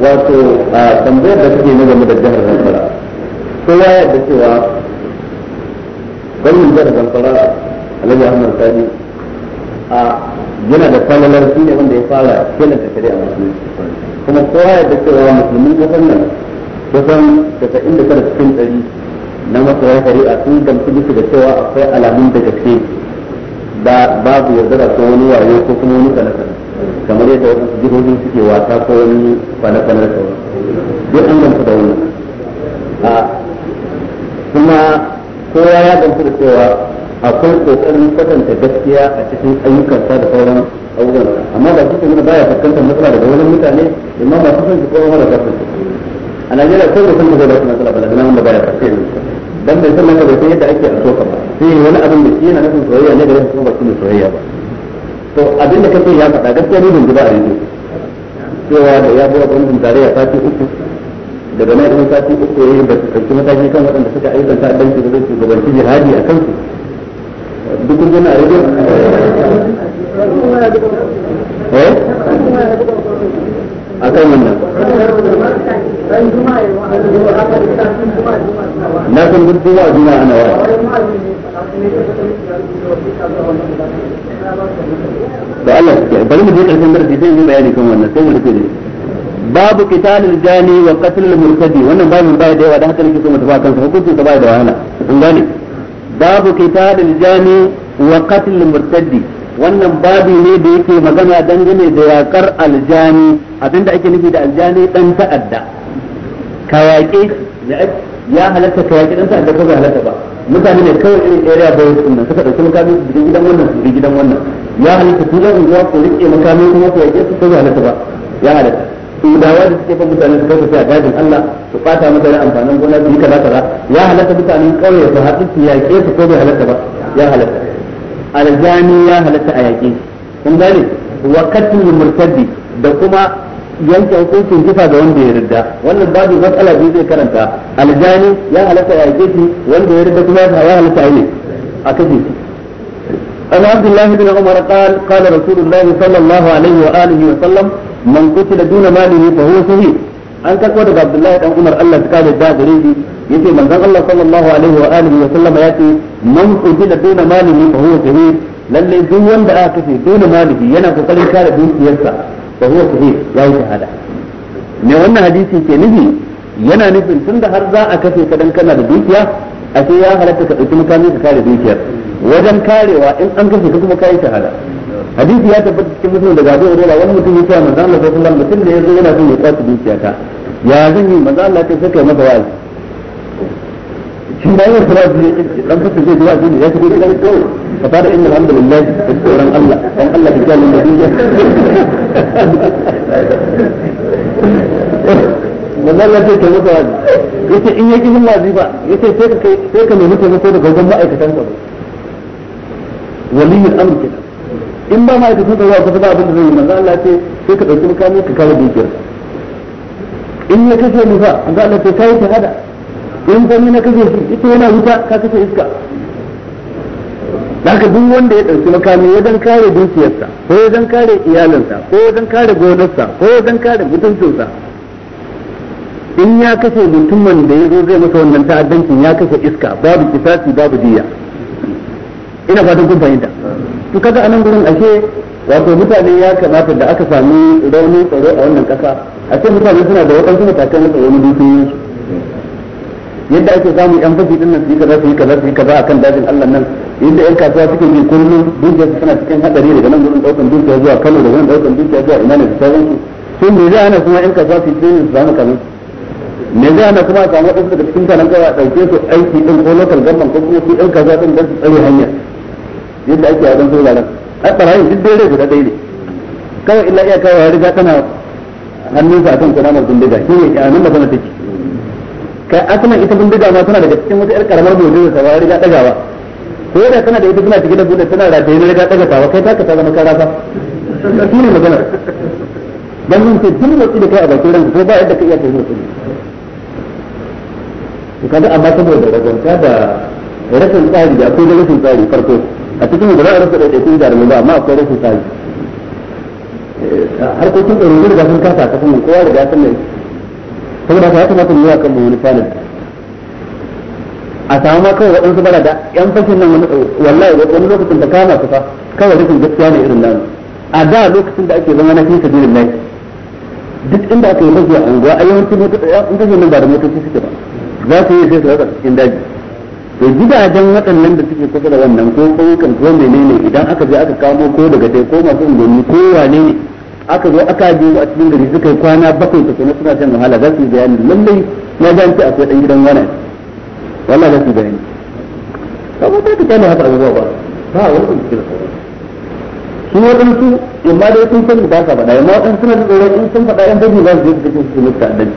wato a tambayar da suke na game da jihar zamfara kowa ya da cewa gwamnan jihar zamfara alhaji ahmad sani a yana da falalar shi ne wanda ya fara kelanta shari'a kuma kowa ya da cewa musulmin kasar nan kusan casa'in da tara cikin ɗari na shari'a sun gamsu bisa da cewa akwai alamun da gaske ba babu da ko wani wayo ko kuma wani kala-kala kamar yadda wasu jihohin suke wata ko wani kwana-kwanar kawai duk an gamsu da a kuma kowa ya gamsu da cewa akwai kokarin kwatanta gaskiya a cikin ayyukansa da sauran abubuwan amma ba su kuma baya fuskantar matsala daga wani mutane imma ba su san su kowa wani kwatanta a Najeriya ko da sun da zai ba su matsala ba da nan da baya fuskantar dan bai san ka bai san yadda ake a ka ba sai wani abin da shi yana nufin soyayya ne da rashin kuma ba shi ne soyayya ba to abin da kake ya faɗa gaskiya ni ban ji ba a rediyo cewa da ya buwa gwamnatin ya sati uku daga nan idan sati uku yayin da ɗauki mataki kan waɗanda suka ayyukan ta'addanci da zai shugabanci jihadi a kansu duk kun gana a rediyo eh akan wannan na san duk zuwa juna ana waya da Allah ya bari mu je karshen darasi sai mu bayani kan wannan sai mu rufe da babu qitalul jani wa qatlul murtadi wannan babin bai da yawa da haka nake so mu tafi kan sa hukuncin sa bai da wahala kun gane babu qitalul jani wa qatlul murtadi wannan babi ne da yake magana dangane da yakar aljani abinda ake nufi da aljani dan ta'adda ka ya halatta ka dan ta'adda ko bai halatta ba mutane ne kawai irin area boys din nan suka dauki makami su bi gidan wannan su bi gidan wannan ya halatta su zan unguwa ko rike makami kuma ko yaƙe su ko bai halatta ba ya halatta su dawa da suke fa mutane su kafa a dajin Allah su fata da amfanin gona su yi kaza kaza ya halatta mutane kawai su haɗu su yaƙe su ko bai halatta ba ya halatta aljani ya halatta a yaƙi kun gane wa katul da kuma yanke hukuncin kifa ga wanda ya yarda wannan babu matsala biyu zai karanta aljani ya halatta a yaƙe shi wanda ya yarda kuma ya halatta a yi a kashe shi عن عبد الله بن عمر قال قال رسول الله صلى الله عليه وآله وسلم من قتل دون ماله فهو شهيد an karɓo daga Abdullahi dan Umar Allah ta kare da gare shi yace manzon Allah sallallahu alaihi wa alihi wa sallama yace man ujila duna malihi fa huwa shahid lalle duk wanda aka kashe duna malihi yana kokarin kare dukiyarsa fa huwa ya yi shahada me wannan hadisi ke nufi yana nufin tunda har za a kashe ka dan kana da dukiya a sai ya halatta ka dauki makami ka kare dukiyar wajen karewa in an kashe ka kuma kai shahada hadisi ya tabbata cikin musulun daga Abu Hurairah wani mutum ya ce manzon Allah sallallahu alaihi wa sallam mutum da ya yazo yana son ya kwace dukiyata ya zan yi maza Allah ta saka masa wa'azi shi da yau kuma zai dan fata zai zuwa ne ya ce shigo gidan ko ka fara inna alhamdulillah da tsoron Allah dan Allah ta da duniya maza Allah ta kai masa wa'azi yace in yake yin wa'azi ba yace sai ka kai sai ka nemi taimako daga wajen ma'aikatan ka waliyin amr kenan in ba ma'aikatan ka zuwa kusa ba abin da zai yi maza Allah ce sai ka dauki makami ka kawo dukiyarka in ya kashe ni ba an ga Allah ta kai in fa na kashe shi ita yana wuta ka kashe iska haka duk wanda ya ɗauki makami wajen kare dukiyarsa ko wajen kare iyalinsa ko wajen kare gonarsa ko wajen kare mutuncinsa in ya kashe mutumin da ya zo zai masa wannan ta'addancin ya kashe iska babu kisasi babu diya ina fatan kun fahimta to kaga anan gurin ashe wato mutane ya kamata da aka sami rauni tsaro a wannan kasa a ce mutane suna da waɗansu matakan rika wani dukiyoyin su yadda ake samun yan fashi din nan su yi kaza su yi kaza su yi kaza akan dajin Allah nan yadda yan kasuwa suke bi kullum dukiyar su tana cikin hadari daga nan gurin daukan dukiya zuwa Kano daga nan daukan dukiya zuwa ina ne da sauran su sun me zai hana kuma yan kasuwa su yi training su samu kaza me zai hana kuma samu wadansu daga cikin kanan kawai a dauke su aiki din ko local government ko kuma su yan kasuwa din da su tsare hanya yadda ake a dan sauraron a tsarayin duk dai guda ɗaya ne kawai illa iya kawai riga tana hannunsa akan kunamar bindiga shi ne kyanan magana take ka asalin ita bindiga ma tana daga cikin wata yar karamar mu'jiza ta ba riga ba ko da tana da ita tana cike da bude tana rataye na riga daga tawa kai taka ta zama karafa shi ne magana dan mun ce duk motsi da kai a bakin ranka ko ba yadda ka iya kai motsi to kaga amma saboda ragwanta da rashin tsari da akwai rashin tsari farko a cikin da za a rasa ɗaiɗaikun jarumi ba amma akwai rashin tsari harkokin tsaro ne da sun kasa kasan nan kowa da ya san nan saboda haka ya kamata mu yi akan mu wani sanin a samu ma kawai waɗansu bala da yan fashin nan wani wallahi wani lokacin da kama su fa kawai rikin gaskiya ne irin nan a da lokacin da ake zama na fi sabilin lahi duk inda aka yi mafi anguwa a yawancin mutane ba da motoci suke ba za su yi sai su rasa cikin daji to gidajen waɗannan da suke kusa da wannan ko ƙauyukan ko menene idan aka je aka kamo ko daga dai ko masu unguwanni ko wane ne aka zo aka je a cikin gari suka yi kwana bakwai ta kuma suna shan wahala za su yi bayani lallai na ga ce akwai dan gidan wani wala za su yi bayani kamar ta kama haka abubuwa ba ba wani kuma cikin su waɗansu ma dai sun san ba sa faɗa amma waɗansu suna da tsoron in sun faɗa yan dangi za su je su kashe su mutu ta'addanci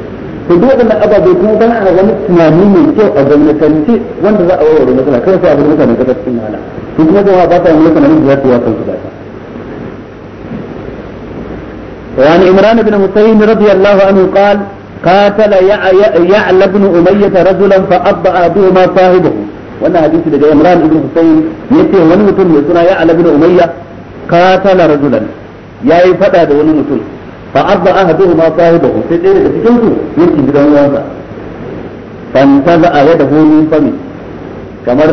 to duk waɗannan ababe kuma dan a wani tunani mai kyau a gwamnatance wanda za a warware matsala kawai sai a bar mutane ƙasar cikin wahala to kuma jama'a ba ta yin wani tunanin da za su yi wa kansu ba ta وعن عمران بن حسين رضي الله عنه قال قاتل يعلى بن أمية رجلا فأبأ بهما صاحبه وانا حديث لدى عمران بن حسين يتي وني متن يسنا يعلى بن أمية قاتل رجلا يا يفتا ده وني متن فأبأ بهما صاحبه sai ɗaya daga cikin su yake gidan uwansa fantaza a yadda homin fami kamar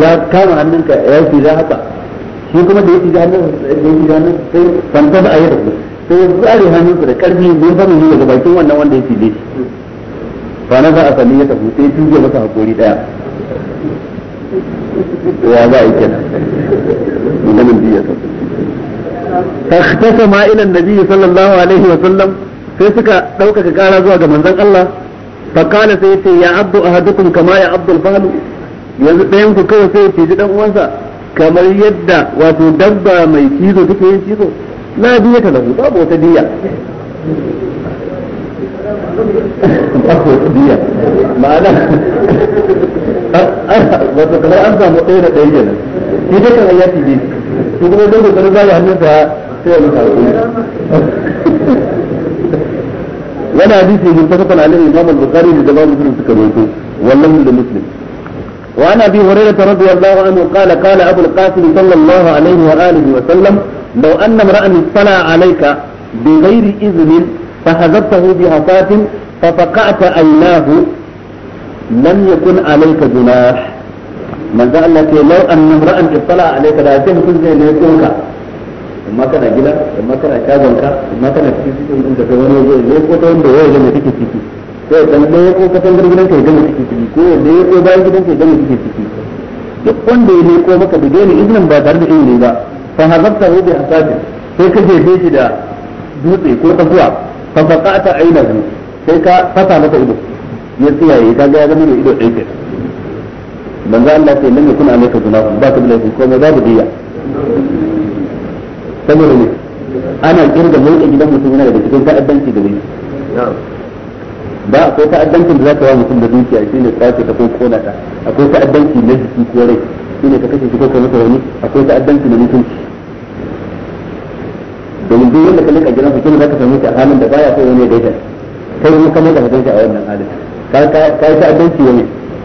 ya kama hannunka ya fi za haka shi kuma da yake ga hannun sai fantaza a yadda homin sai ya zare hannunsa da karfi ne ya samu daga bakin wannan wanda ya cije shi fa na za a sami ya tafi sai tuje masa hakori daya ya za a yi kenan mutumin biya فاختصم الى النبي sallallahu alaihi wa sallam sai suka ɗaukaka ƙara zuwa ga manzon Allah fakala sai ce ya abdu ahadukum kama ya abdul falu yanzu ɗayan ku kawai sai ce ji dan uwansa kamar yadda wato dabba mai cizo take yin cizo la diyata lahu babu wata diya babu wata diya ma'ana wato kamar an samu ɗaya da ɗaya kenan shi dai kan ayyati ne to kuma dai kokarin zai hannun sa sai wani hakuri wani hadisi mun tafakan alaihi imam al-bukhari da jama'a muslim suka rawaito wallahu da muslim وعن ابي هريره رضي الله عنه قال قال ابو القاسم صلى الله عليه واله وسلم لو أن امرأ اطلع عليك بغير إذن فهزبته بهفاة ففقعت عيناه لم يكن عليك جناح من ذا التي لو أن امرأ اطلع عليك لا تمكن زي ليكونك amma kana gida amma kana shagonka amma kana cikin cikin inda ka wani waje ko ta dan ne ko ka san gidan ka ya gane ciki ko ya ne bayan gidan ka ya gane ciki duk wanda ya ne ko maka da gane izinin ba tare da izini ba fa hazabta hu bi hasatin sai ka jefe shi da dutse ko tafuwa fa faqata ainahu sai ka fasa mata ido ya tsiyaye ka ga ya zama mai ido ɗaya dan ga Allah sai nan kuna alaika gunahu ba ka da ko ba babu diya saboda ne ana kirga mulkin gidan mutum yana da cikin ta'addanci da ni ba akwai ta'addancin da zaka wa mutum da dukiya shi ne tsace ta ko kona ta akwai ta'addanci na jiki ko rai shi ne ka kashe shi ko kuma masa wani akwai ta'addanci na mutunci domin duk yadda kalli lika gidansa kin zaka samu shi halin da baya so wani daidai kai kuma kamar da ka ganshi a wannan halin ka yi ta addanci wani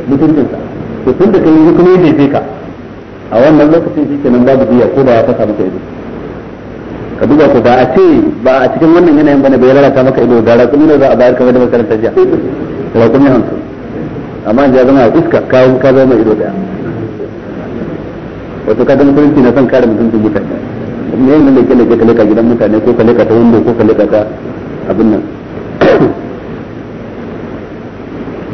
mutuncinsa to tun da kai kuma yadda daidai ka a wannan lokacin shi kenan babu biya ko ba ya fasa maka ido ka duba ko ba a ce ba a cikin wannan yanayin bane bai lalata maka ido ga raƙumi ne za a bayar kamar da makarantar jiya raƙumi hamsin amma in ja zama a iska ka zama ido daya wato ka ga mutunci na son kare mutuncin mutane ne yin da kele kele ka gidan mutane ko kale ka ta wando ko kale ka ta abin nan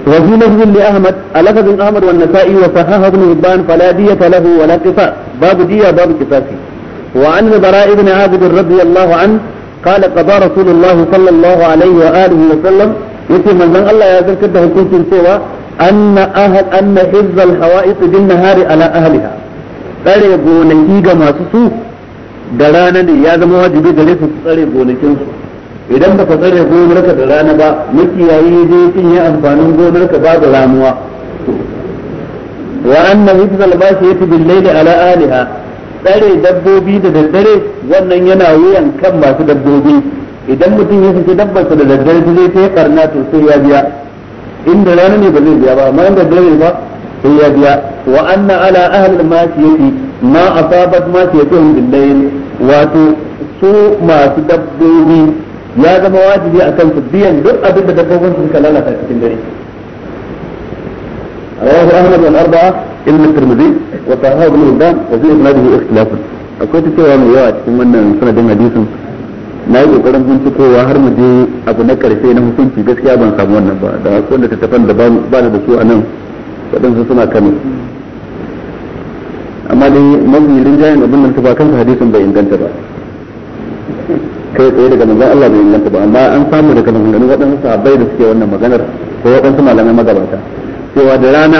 وفي لفظ لأحمد لفظ أحمد والنسائي وصححه ابن حبان فلا دية له ولا قصاص باب دية باب قصاص وعن البراء بن عابد رضي الله عنه قال قضى رسول الله صلى الله عليه وآله وسلم يتي من زن الله يذكر كده كنت سوى أن أهل أن حفظ الحوائط بالنهار على أهلها قال يقول نهيج ما تسوق da rana ne ya zama wajibi gare su tsare gonakinsu idan baka tsare gonarka da rana ba makiyayi zai cinye amfanin gonarka babu ramuwa wa anna hifzal basiyati bil layli ala aliha tsare dabbobi da daddare wannan yana wuyan kan masu dabbobi idan mutum ya saki dabbarsa da daddare ta zai ta karna to sai ya biya inda rana ne ba zai biya ba amma inda dare ba sai ya biya wa anna ala ahli al masiyati ma asabat ma ke tuhum billahi wato su masu dabbobi ya zama wajibi akan su biyan duk abin da dabbobin suka lalata cikin dare رواه احمد والاربعه ابن الترمذي ibn ابن هبان وفي اسناده اختلاف akwai ta cewa mai yawa cikin wannan sanadin hadisin na yi kokarin bincikowa har mu je abu na karshe na hukunci gaskiya ban samu wannan ba da akwai ta tafan da ba da su a nan waɗansu suna kano amma dai mafi rinjayen abin nan ba kansa hadisin bai inganta ba kai tsaye daga manzon Allah bai inganta ba amma an samu daga maganganun waɗansu sahabbai da suke wannan maganar ko waɗansu malamai magabata cewa da rana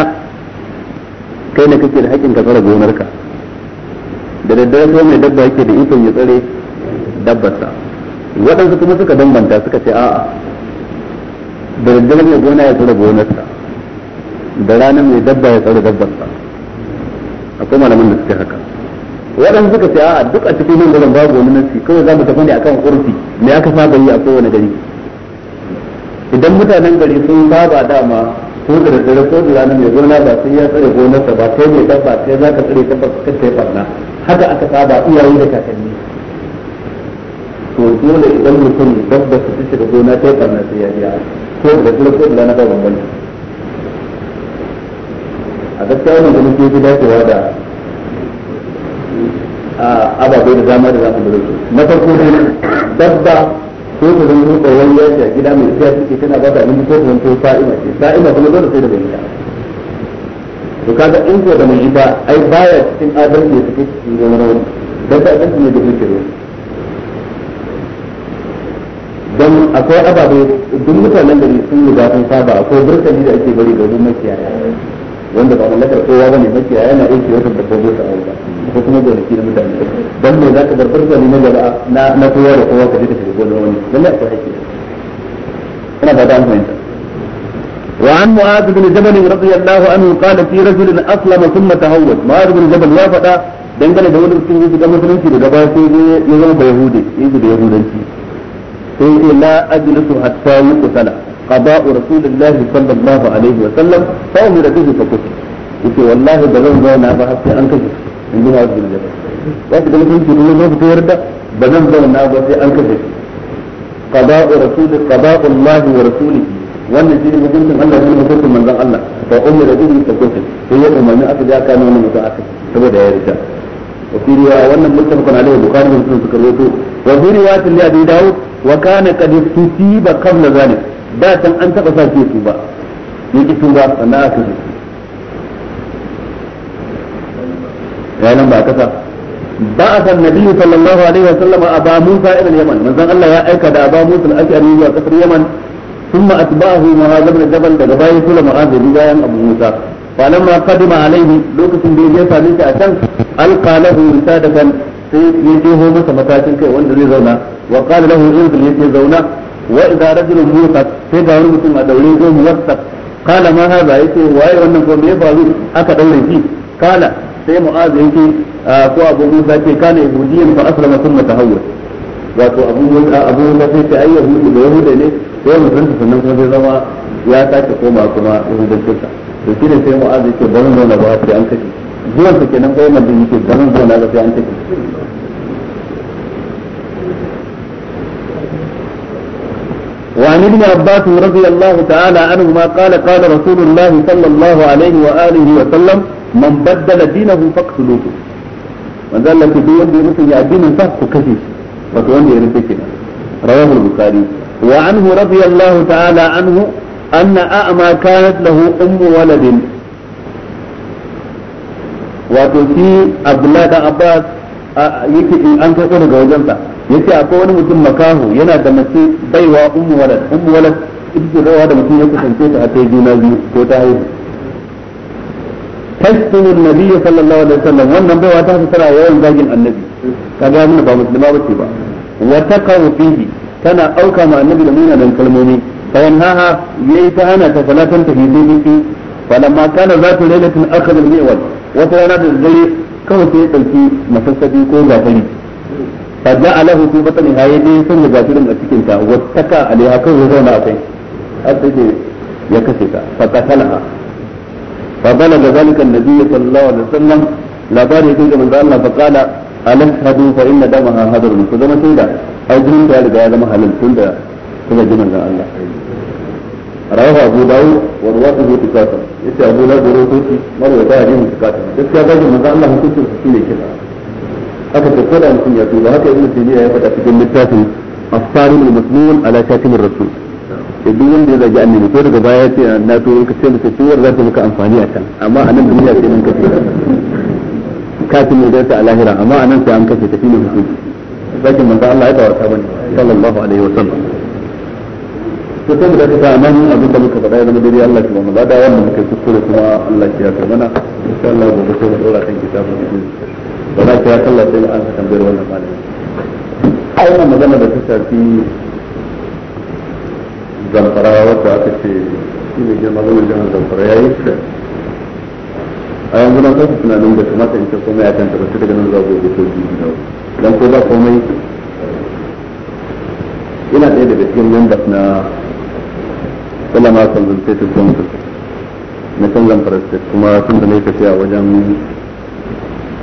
kai ne kake da haƙƙin ka tsare gonarka da daddare ko mai dabba yake da ikon ya tsare dabbarsa waɗansu kuma suka bambanta suka ce a'a da daddare mai gona ya tsare gonarsa da rana mai dabba ya tsare dabbarsa akwai malaman da suke haka waɗanda suka ce a duk a cikin nan gudun babu wani nasi kawai za mu tafi ne akan urfi me aka saba yi a kowane gari idan mutanen gari sun saba dama ko da dare ko da rana mai gona ba sai ya tsare gonarsa ba sai mai dabba sai za ka tsare ka kai farna haka aka saba iyaye da kakanni to dole idan mutum dabba su ta shiga gona ta farna sai ya biya ko da dare ko da rana ba bambanci a gaskiya wannan kuma ke fi dacewa da ababe da dama da za su su na farko ne dabba ko ta zan rufe wani yaki a gida mai tsaya suke tana ba ta abinci ko ta zanto sa'ima ce sa'ima kuma da sai da bai ta to kaga in ko da mai ba ai baya cikin adalci da suke cikin zama na wani dan da adalci ne da suke ne dan akwai ababe duk mutanen gari sun yi zafin saba akwai burkani da ake bari domin makiyaya wanda ba mallakar kowa bane yana aiki wajen da kogo ta auka ko kuma gonaki na mutane dan me zaka na gaba na kowa da kowa ka je ka shiga gonar wani lalle akwai haƙƙi ina ba da an وعن معاذ بن جبل رضي الله عنه قال في رجل اسلم ثم تهود معاذ بن جبل ya fada dangane da wani mutum ya shiga musulunci daga sai ya zama bayahudi ya shiga yahudanci قضاء رسول الله صلى الله عليه وسلم فأمر به فقتل yace wallahi ba zan zauna ne ba san an taɓa sa su ba ne ki tun sannan aka su ya nan ba kasa ba a san sallallahu alaihi wa sallama a irin yaman manzon allah ya aika da ba musa al'ajari zuwa kasar yaman ثم أتباعه مهاجم الجبل دعبا يسول مهاجم بجاي أبو موسى فلما قدم عليه لوك سنبيه فليس أشان ألقى له رسالة في يجيه موسى مكاتل كي وان وقال له انزل يجيه wa sai ga wani mutum a daure ko muwassab kala ma haza yace wannan ko me ya faru aka daure shi kala sai mu'az yake ah, ko abu musa kana fa aslama wato abu abu sai da ne sai musulunci sai zama ya koma kuma to sai ban ba kenan ko وعن ابن عباس رضي الله تعالى عنهما قال قال رسول الله صلى الله عليه وآله وسلم من بدل دينه فاقتلوه وقال لك بيوم دي رسل يعدين فاقه كثير وتوان يرسكنا رواه البخاري وعنه رضي الله تعالى عنه أن أعمى كانت له أم ولد وتوتي عبد الله عباس آه، يكي أن تقول جوجنته yace akwai wani mutum makahu yana da mace baiwa ummu walad ummu walad ita rawa da mutum ya kusance ta a kai juna biyu ko ta haihu tashtimu annabi sallallahu alaihi wasallam wannan baiwa ta fara yawan zagin annabi kaga mun ba musulma bace ba wa taqaw fihi tana auka ma annabi da munanan kalmomi fa haha yayi ta hana ta salatan tahidi falamma kana zatu lailatin akhadha miwad wata rana da dare kawai sai ya dauki masassabi ko gafari fadda alahu fi batni haye dai sun da gafirin a cikin ta wattaka alaiha kan ya zauna akai har sai ya kashe ta fa qatalaha fa balaga zalika annabi sallallahu alaihi wasallam labari ya kai ga manzo Allah fa qala alam hadu fa inna damaha hadarun ku zama shaida ai jinin da ya riga ya zama halal tunda kuma jinin manzo Allah rawahu abu dawud wa rawahu bi tikata yace abu dawud rawahu shi marwa ta hadin tikata gaskiya ga manzo Allah hukuncin shi ne kisa aka ce ko mutum ya tuba haka ibnu taymiya ya faɗa cikin littafin as-sarim al-masnun ala shatim ar-rasul to duk wanda ya zagi annabi ko daga baya ce na to ka ce mutum tuwar za ta maka amfani a kan amma a nan duniya sai mun kace kafin ne da ta alahira amma a nan sai an kace tafi ne hukunci zakin manzo Allah ya tawarta bane sallallahu alaihi wasallam sallam to sai da ta nan abin da muka faɗa ya zama daidai Allah kuma mu da wannan muka kuskure kuma Allah ya karɓa mana insha Allah gobe sai mu dora kan kitabun ba za ka ya sallah sai an tambayar wannan malami a wannan magana da ta shafi zamfara wadda aka ce shi ne girma zama jihar zamfara ya yi shi a yanzu na kasa tunanin da kamata in ce komai a kan ta basu daga nan zuwa gobe ko biyu da dan ko ba komai ina ɗaya daga cikin members na salama consultative council na kan zamfara state kuma tun da na yi tafiya wajen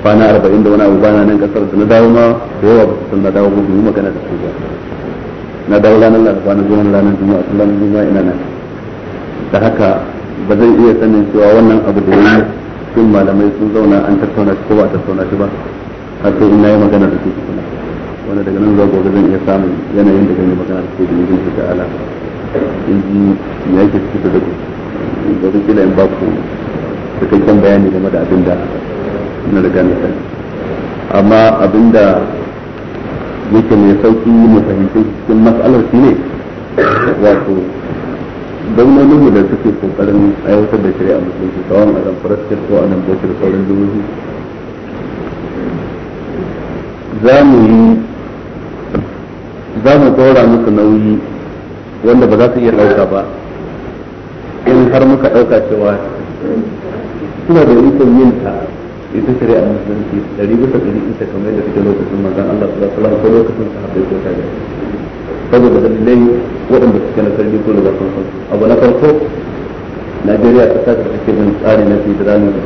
kwana arba'in da wani abu bana nan kasar da na dawo ma da yawa ba san na dawo ba mu magana da su ba na dawo ranar laraba na zuwan ranar juma'a sun ranar juma'a ina nan da haka ba zan iya sanin cewa wannan abu da yi sun malamai sun zauna an tattauna shi ko ba a tattauna shi ba har sai ina yi magana da su kuma wanda daga nan zuwa gobe zan iya samun yanayin da zan yi magana da su da nufin su ala in ji ya ke cikin da ku da kila in ba ku cikakken bayani game da abin da na riga na sani amma abinda yake mai sauki mu fahimci cikin mas'alar shi ne wato daunonin da suke kokarin aiwatar da shari'a musulunci kawo a zamfara state ko a nan bokir sauran dubu za mu yi za mu tsora musu nauyi wanda ba za su iya ɗauka ba in har muka ɗauka cewa suna da ikon yin ta ita shari'a musulunci ɗari bisa ɗari ita kamar yadda suke lokacin manzan Allah su zafi ko lokacin sahabbai ko ta gari saboda dalilai waɗanda suke na sarki ko da sun abu na farko Najeriya ta sa ta take bin tsari na federalism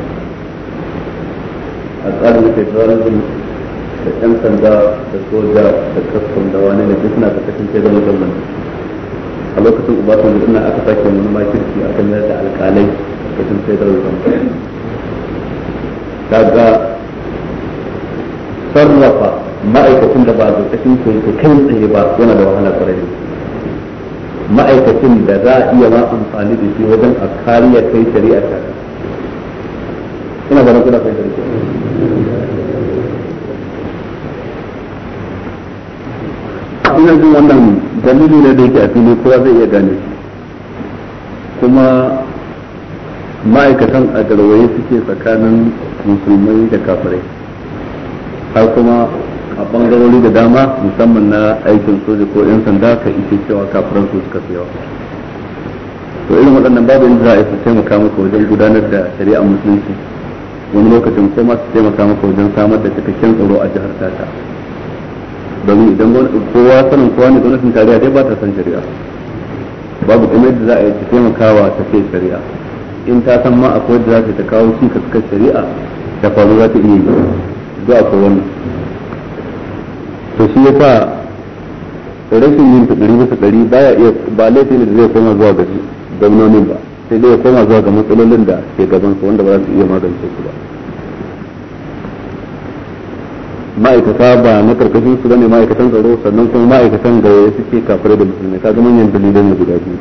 a tsarin na federalism da ɗan sanda da soja da kastom da wani ne duk na da kashin kai zama gwamnati a lokacin ubatun da ina aka sake wani makirci akan yadda alƙalai kashin kai zama gwamnati kaga sarrafa ma'aikacin da ba zurkashin su yake kai tsaye ba yana da wahala kwarai ma'aikacin da za a iya ma amfani da shi wajen a kariya kai shari'a ta ina ganin kuna kai shari'a ina jin wannan dalili ne da yake a fili kowa zai iya gane kuma ma'aikatan a garwaye suke tsakanin musulmai da kafirai har kuma a bangarori da dama musamman na aikin soja ko 'yan sanda ka ishe cewa kafiran su suka yawa to irin waɗannan babu yadda za a yi su taimaka maka wajen gudanar da shari'a musulunci wani lokacin ko ma su taimaka maka wajen samar da cikakken tsaro a jihar tata domin idan kowa sanin kowa ne gwamnatin tarayya dai ba ta san shari'a babu kuma yadda za a yi su taimakawa ta kai shari'a in ta san ma akwai da za ta kawo shi ka shari'a da faru za ta iya yi zuwa ko wannan to shi yasa rashin yin ta ɗari bisa ɗari baya iya ba laifin da zai koma zuwa ga gwamnonin ba sai dai ya koma zuwa ga matsalolin da ke gaban su wanda ba za su iya magance su ba ma'aikata ba na karkashin su ne ma'aikatan tsaro sannan kuma ma'aikatan gaya suke kafare da musulmai ka ga manyan dalilan da guda biyu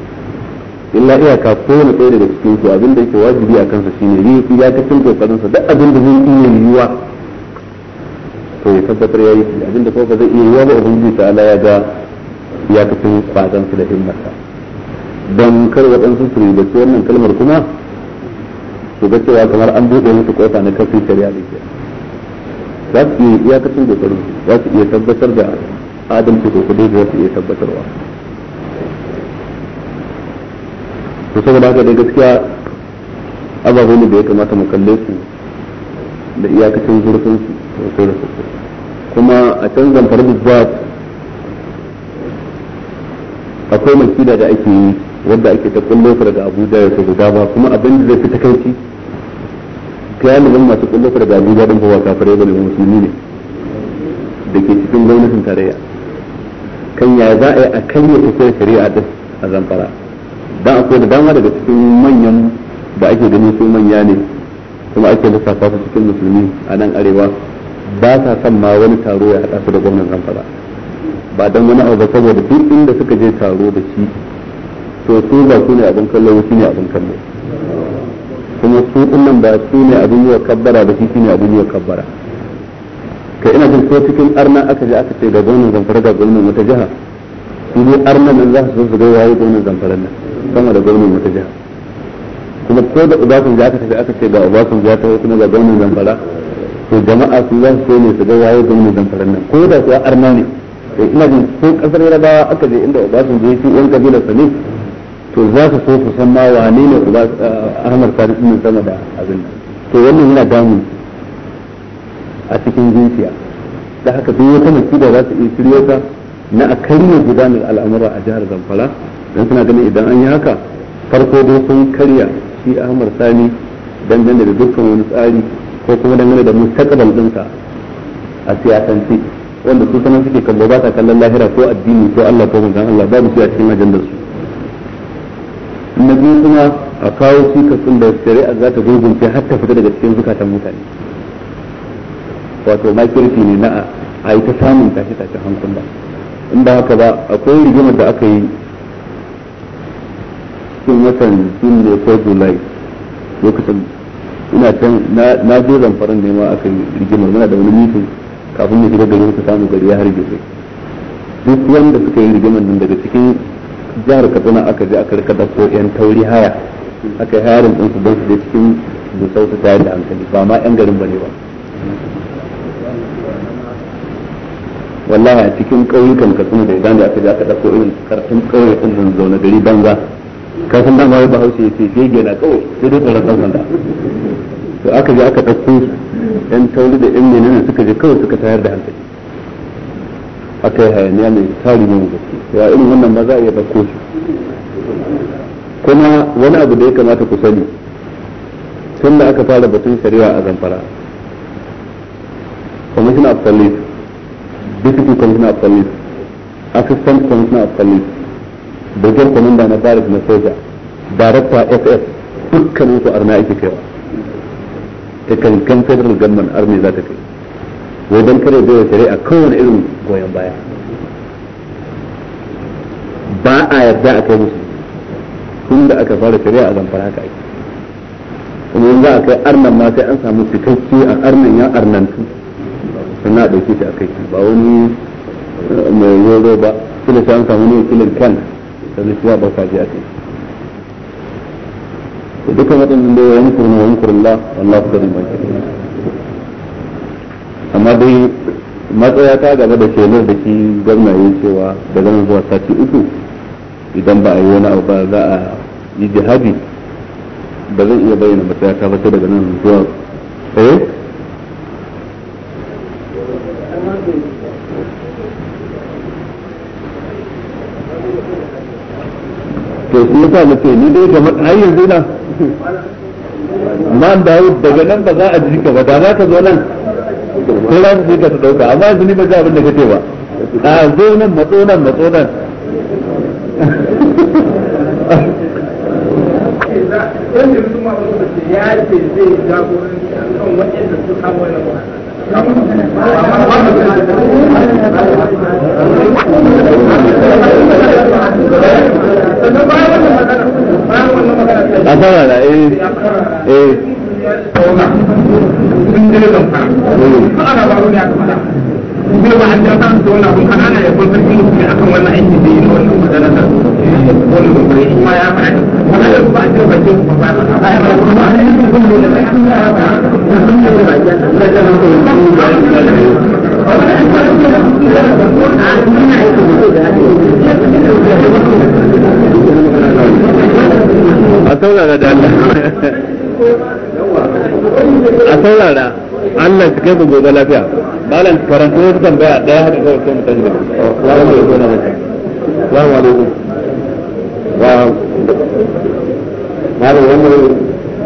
illa iyaka ko na ɗaya daga cikin su abinda yake wajibi a kansa shine yi iyakacin kokarin sa duk abinda zai iya yiwuwa to ya tabbatar ya yi abinda ko ba zai iya yiwuwa ba ubangiji ta Allah ya ga iyakacin kwazan su da himmarsa don kar waɗansu su riba ce wannan kalmar kuma su ga cewa kamar an buɗe musu kofa na kafin shari'a da ke za su iya iyakacin kokarin za su iya tabbatar da adalci ko kudi da za su iya tabbatarwa to saboda haka dai gaskiya ababen da ya kamata mu kalle su da iyakacin zurfin su sosai da sosai kuma a can zamfar zuwa akwai makida da ake yi wanda ake ta kullo su daga abuja ya guda ba kuma abin da zai fi takaici galibin masu kullo su daga abuja don kowa kafare ba ne musulmi ne da ke cikin gwamnatin tarayya kan ya za a yi a kan ya tafiya shari'a din a zamfara dan akwai da dama daga cikin manyan da ake ganin su manya ne kuma ake lissafa su cikin musulmi a nan arewa ba sa son ma wani taro ya haɗa su da gwamnan zamfara ba dan wani abu saboda duk inda suka je taro da shi to su ba su ne abin kallo su ne abin kallo kuma su dinnan ba su ne abin yi wa kabbara da shi ne abin yi wa kabbara ka ina jin ko cikin arna aka je aka ce ga gwamnan zamfara ga gwamnan wata jiha su ne arna nan za su zo su ga waye gwamnan zamfara nan sama da gwamnan wata jiha kuma ko da ubakun za ta tafi aka ce ga ubakun za ta kuma ga gwamnan zamfara to jama'a su za su so ne su ga waye gwamnan zamfara nan ko da kuwa arna ne to eh, ina jin ko kasar yarabawa aka je inda ubakun zai fi yan kabila sa ne to za su so su san ma wane ne eh, ahmad sadiq ne sama da abin to wannan yana damu a cikin zuciya da haka duk wata musiba za su iya shiryo ta na a karya gudanar al'amura a jihar zamfara dan suna ganin idan an yi haka farko dai sun karya shi Ahmad Sani dangane da dukkan wani tsari ko kuma dangane da mustaqbal dinka a siyasance wanda su sanan suke kallo ba ta kallon lahira ko addini ko Allah ko manzon Allah babu su a cikin ajandar su na kuma a kawo sun da shari'a za ta gurgunce har ta fita daga cikin zukatan mutane wato makirci ne na a yi ta samun tashi tashi hankula in ba haka ba akwai rigimar da aka yi cikin watan jun ne ko julai lokacin ina can na zo zan ne ma aka yi rigimar muna da wani mitin kafin mu shiga gari muka samu gari ya harbe sai duk wanda suka yi rigimar nan daga cikin jihar katsina aka je aka rika ko yan tauri haya aka yi hayarin ɗinsu don su je cikin busau su tayar da hankali ba ma yan garin ba ne ba wallahi a cikin ƙauyukan katsina da idan da aka je aka dako irin karfin ƙauyukan nan na gari banza ka san dan wani bahaushe ya ce gege na kawai sai dai tsoron dan sanda to aka je aka ɗauko su yan tauri da yan menene suka je kawai suka tayar da hankali aka yi hayaniya mai tari mai gaske ya irin wannan ba za a iya ɗauko su kuma wani abu da ya kamata ku sani tun da aka fara batun shari'a a zamfara commissioner of police deputy commissioner of police assistant commissioner of police brigade commander na barif na soja director ss dukkanin su arna ake kaiwa ta kankan federal government army za ta kai wajen kare bai a kowane irin goyon baya ba a yarda a kai musu tun da aka fara shari'a a zamfara haka ake kuma za a kai arnan ma sai an samu fitacce a arnan ya arnantu sannan a ɗauke ta a kai ba wani eh, mai yoro ba kila shi an samu ne kilin kan kaga shi ya dauka a kai to dukkan waɗannan da yayin kurna wa yankurullah wallahu kadin makirin amma dai matsaya ta gaba da shelar da shi gwamna ya cewa da zama zuwa sati uku idan ba a yi wani abu ba za a yi jihadi ba zan iya bayyana matsaya ta ba sai daga nan zuwa eh yasa na ce ni dai da har yanzu na man dawo daga nan ba za a ji ba da za ka zo nan sai za su ka ta dauka amma yanzu ni ba za abin da kace ba a zo nan matso nan matso nan ya ce zai ba a saurara da Allah a saurara Allah su kai gobe lafiya malam karanta wasu tambaya daya haka kawai sai mu tashi da wani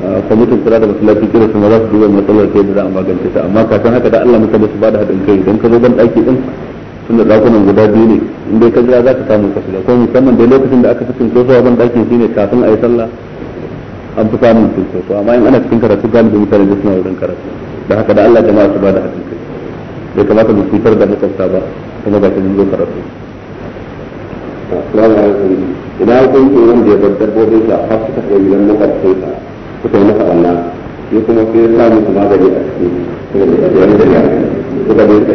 kwamitin kula da masallaci kira su ma za su duba matsalar ta yadda za a magance ta amma kafin haka da Allah mutane su bada haɗin kai idan ka zo ban ɗaki ɗin da ɗakunan guda biyu ne in dai ka jira za ka samu ka shiga ko musamman dai lokacin da aka fi cinkosowa ban ɗakin ne kafin a yi sallah an fi samun cinkoso amma in ana cikin karatu galibi mutane da suna wurin karatu da haka da Allah jama'a su bada haɗin kai bai kamata mu cutar da makwabta ba kuma ba ta zo karatu idan kun ce wanda ya bar dabbobinsa har suka kai gidan makwabtansa suka yi masa Allah shi kuma sai ya samu su magani a ciki saboda wani da ya suka bai ka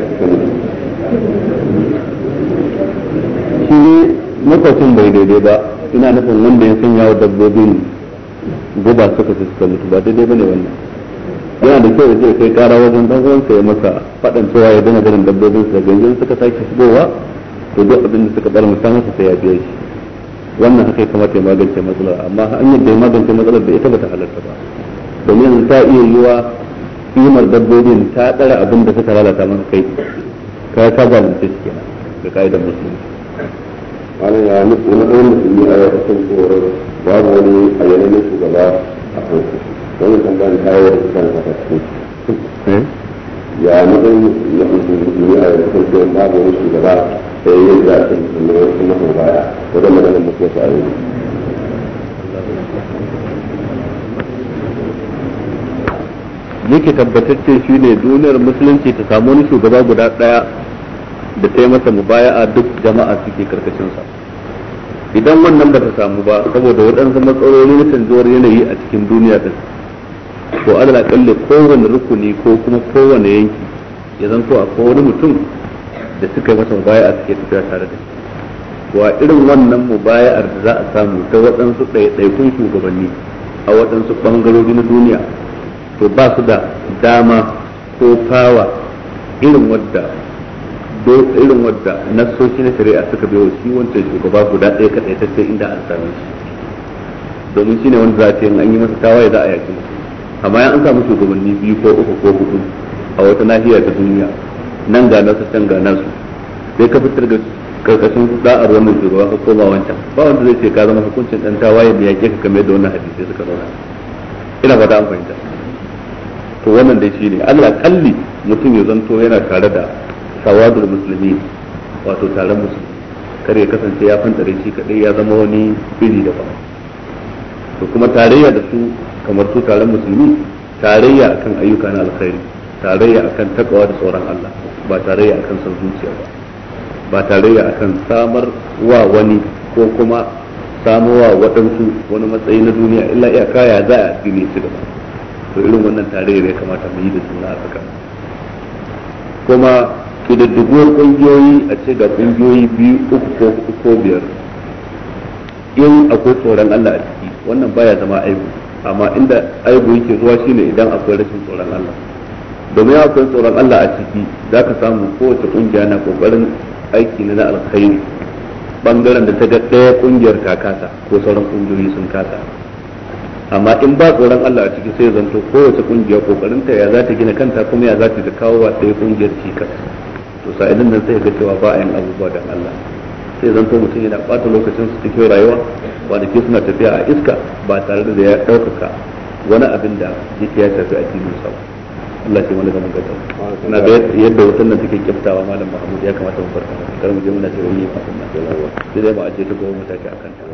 cikin shi lokacin bai daidai ba ina nufin wanda ya sanya wa dabbobin guba suka su suka mutu ba daidai ba ne wannan yana da kyau da kai kara wajen dan uwansa ya masa faɗan cewa ya dana ganin dabbobin sa gangan suka sake shigowa to duk abin da suka bar musamman sai ya biya shi wannan haka ya kamata ya magance amma hanyar da ya magance matsalar da ita bata halarta ba domin yanzu ta iya yiwa kimar dabbobin ta tsara abin da suka lalata maka kai ka ka zalunce su kenan da ka'idar musulmi wani ya nufi na ɗan musulmi a yau kasan tsoron babu wani a yanayin shugaba a kansu wani tambayan ta yau da kan haka eh? ya matsayin musulmi a yau kasan tsoron babu wani shugaba sai yin zafin na yi. yake tabbatacce shi ne duniyar musulunci ta samu wani shugaba guda ɗaya da ta yi masa a duk jama'a suke karkashinsa idan wannan ba ta samu ba saboda waɗansu matsaloli na canjuwar yanayi a cikin duniya ɗin ko alal kowane rukuni ko kuma kowane yanki ya zanto a kowane mutum da suka yi masa mubaya'a suke tafiya tare da wa irin wannan mubaya'ar da za a samu ta waɗansu ɗaiɗaikun shugabanni a waɗansu ɓangarori na duniya to ba su da dama ko fawa irin wadda irin wadda nassoci na shari'a suka biyo shi wancan shugaba guda ɗaya kaɗai ta sai inda an same shi domin shine wanda za a ce an yi masa tawaye za a yaki amma ya an samu shugabanni biyu ko uku ko huɗu a wata nahiya ta duniya nan ga nasu can ga nasu sai ka fitar da karkashin da'ar wannan shugaba ka koma wancan ba wanda zai ce ka zama hukuncin dan tawaye da yake ka kame da wannan hadisi suka zauna ina fata an fahimta to wannan dai shine Allah kalli mutum ya zanto yana tare da sawadul musulmi wato taron musulmi kare ya kasance ya fantare shi kadai ya zama wani da ba to kuma tarayya da su kamar su taron musulmi tarayya akan ayyuka na alkhairi tarayya akan takawa da tsoron Allah ba tarayya kan san zuciya ba ba tarayya kan samar wa wani ko kuma wa waɗansu wani matsayi na duniya illa iya kaya za a dine su ba to irin wannan tarayya ya kamata mu yi da suna a tsakan kuma kididdiguwar ƙungiyoyi a ce ga ƙungiyoyi biyu uku ko hudu ko biyar in akwai tsoron Allah a ciki wannan baya zama aibu amma inda aibu yake zuwa shine idan akwai rashin tsoron Allah domin akwai tsoron Allah a ciki za ka samu kowace kungiya na kokarin aiki na alkhairi bangaren da ta ga ɗaya kungiyar ka kasa ko sauran kungiyoyi sun kasa amma in ba tsoron Allah a ciki sai zanto kowace kungiya kokarin ta ya za ta gina kanta kuma ya za ta kawo wa ɗaya kungiyar cikas to sa'idan nan sai ga cewa ba a yin abubuwa don Allah sai zanto mutum yana ɓata lokacin su cikin rayuwa kwanaki suna tafiya a iska ba tare da ya ɗaukaka wani abin da yake ya tafi a cikin sauƙi Allah shi mana zaman gata na da yadda wutan nan take kyaftawa malam Muhammad ya kamata mu farka kar mu je muna ce wani fasin nan sai dai ba a ce ta goma take akan ta